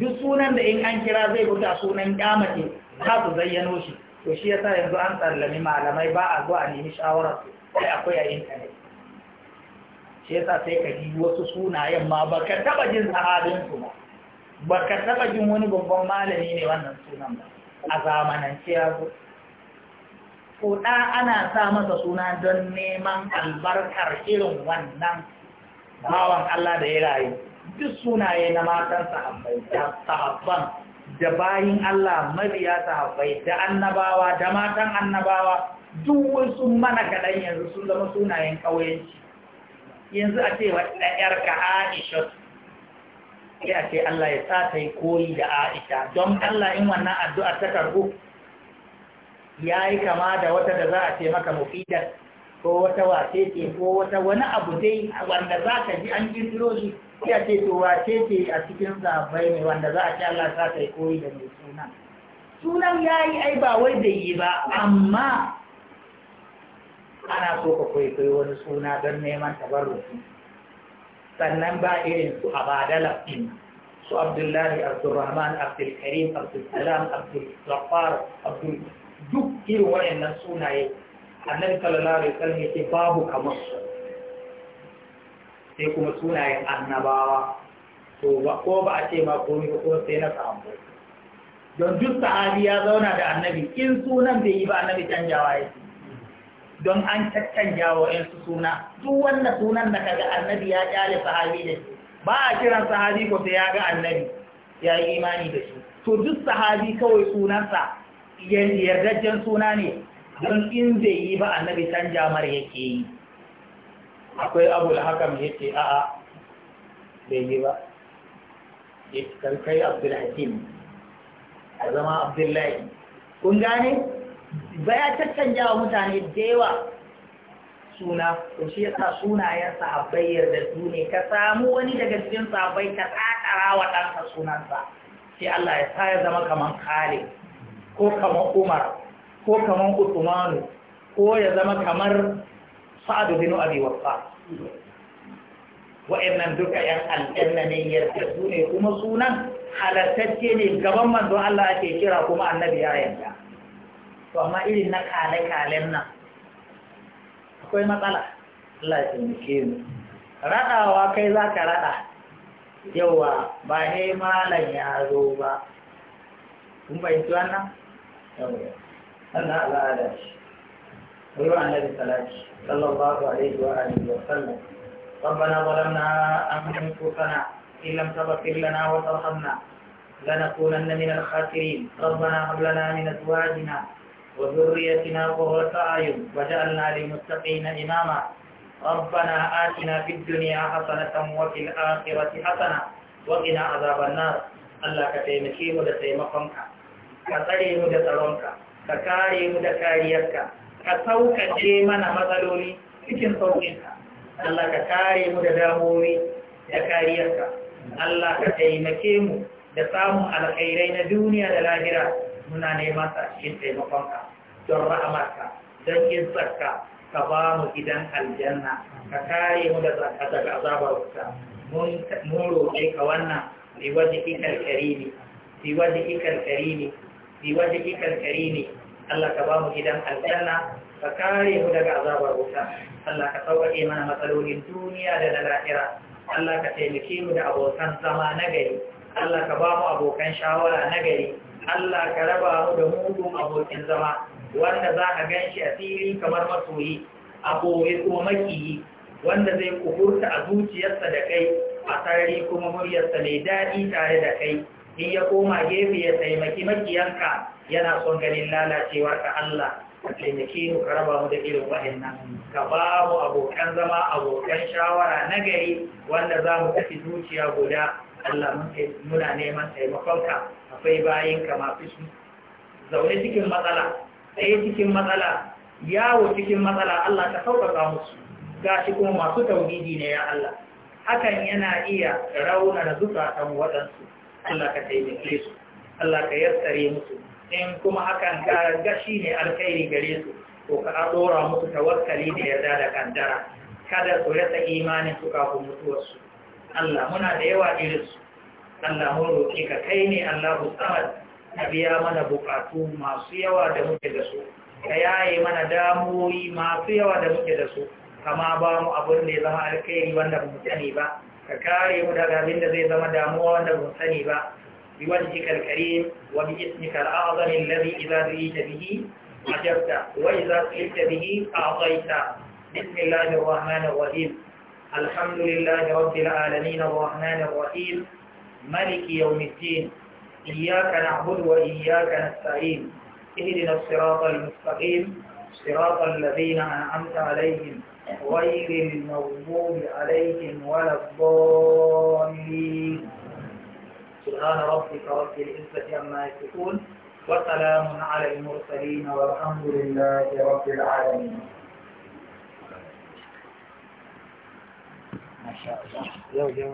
duk sunan da in an kira zai fita a sunan kyamace za su zayyano shi to shi yasa yanzu an tsallami malamai ba a zuwa nemi shawara sai akwai a intanet shi yasa sai ka ji wasu sunayen ma ba ka taba jin sahabin su ba ba ka taba jin wani babban malami ne wannan sunan ba a zamanance ya zo ko ɗa ana sa masa suna don neman albarkar irin wannan bawan Allah da ya rayu duk sunaye na matan sahabbai da sahabban da bayin Allah mabiya sahabbai da annabawa da matan annabawa duk sun mana kaɗan yanzu sun zama sunayen ƙauyenci yanzu a cewa ɗayar ka Aisha sai a ce Allah ya sa yi koyi da Aisha don Allah in wannan addu'a ta karbu ya yi kama da wata da za a ce maka mufidar ko wata wace ce ko wata wani abu dai wanda za ka ji an kirkiro shi sai a ce to wace ce a cikin zafai ne wanda za a ce Allah sa ta yi koyi da mai suna sunan ya yi ai ba wai da yi ba amma ana so ka kwaikwayo wani suna don neman tabarruki sannan ba irin su abadala din su abdullahi abdurrahman abdulkarim abdulsalam abdulghaffar abdul duk irin wayannan sunaye annabi sallallahu alaihi wasallam yake babu kamar su sai kuma sunayen annabawa to ba ko ba a ce ma komai ba ko sai na samu don duk sahabi ya zauna da annabi in sunan bai yi ba annabi canjawa yake don an caccanya wa ƴansu suna, duk wanda sunan da kaga annabi ya ƙyale sahabi da shi, ba a kiran sahabi ko sai ya ga annabi ya yi imani da shi. To duk sahabi kawai sunansa yardajjen suna ne don in zai yi ba annabi canja mara yake yi. Akwai abu da hakan yake ce a'a bai yi ba. Ya a zama Abdullahi. Kun gane? ba ya caccanja wa mutane da yawa suna ko shi ya sa sunayen sahabbai yarda su ne ka samu wani daga cikin sahabbai ka tsakara wa ɗansa sunansa sai Allah ya sa ya zama kaman Khalid ko kaman Umar ko kaman Utumanu, ko ya zama kamar Sa'ad bin Abi Waqqas wa'annan duka yan aljanna ne yarda su ne kuma sunan ce ne gaban manzo Allah ake kira kuma annabi ya yarda to amma irin na kale-kalen nan akwai matsala Allah ya taimake mu raɗawa kai za ka raɗa yawa ba ne malam ya zo ba kun fahimci wannan yawa shi da salati sallallahu alaihi wa alihi wa sallam وذريتنا قرة أعين وجعلنا للمتقين إماما ربنا آتنا في الدنيا حسنة وفي الآخرة حسنة وقنا عذاب النار الله كتيمكي ودتيمقنك كتري مدترنك ككاري مدكاريك كسوك جيمن مظلولي cikin sauƙinka Allah ka kare mu da damomi da kariyarka Allah ka taimake mu da samun alkhairai na duniya da lahira muna neman ta cikin taimakonka don rahamarka don kinsarka ka ba mu gidan aljanna ka kare mu da zaka daga azabar wuta mun roƙe ka wannan bi waje ki karimi ne. Allah ka ba mu gidan aljanna ka kare mu daga azabar wuta Allah ka sauƙaƙe mana matsalolin duniya da na lahira Allah ka taimake mu da abokan zama nagari. Allah ka ba mu abokan shawara nagari. Allah ka raba mu da mutu abokin zama wanda za a gan shi a fili kamar masoyi a boye kuma makiyi wanda zai kuhurta a zuciyarsa da kai a sarari kuma muryarsa mai daɗi tare da kai in ya koma gefe ya taimaki makiyanka yana son ganin lalacewar ka Allah ka taimake mu ka raba mu da irin wa'annan ka ba mu abokan zama abokan shawara na gari wanda za mu tafi zuciya guda Allah muna neman taimakonka akwai bayinka mafi su zaune cikin matsala tsaye cikin matsala yawo cikin matsala Allah ka sauƙaƙa musu gashi kuma masu tauhidi ne ya Allah hakan yana iya raunar zukatan waɗansu Allah ka taimake su Allah ka yassare musu in kuma hakan ka gashi ne alkhairi gare su Ko ka ɗora musu tawakkali da yarda da kaddara kada su rasa imanin su kafin mutuwarsu Allah muna da yawa irinsu Allah mun roƙe ka kai ne Allah Samad na biya mana buƙatu masu yawa da muke da su ka yaye mana damoyi masu yawa da muke da su kama ba mu abin da ya zama alkairi wanda ba mu sani ba ka kare mu daga abin da zai zama damuwa wanda ba mu sani ba بوجهك الكريم وباسمك الأعظم الذي إذا دعيت به أجبت وإذا سئلت به أعطيت بسم الله الرحمن الرحيم الحمد لله رب العالمين الرحمن الرحيم ملك يوم الدين إياك نعبد وإياك نستعين اهدنا الصراط المستقيم صراط الذين أنعمت عليهم غير المغضوب عليهم ولا الضالين سبحان ربك رب العزة عما يصفون وسلام على المرسلين والحمد لله رب العالمين 要交。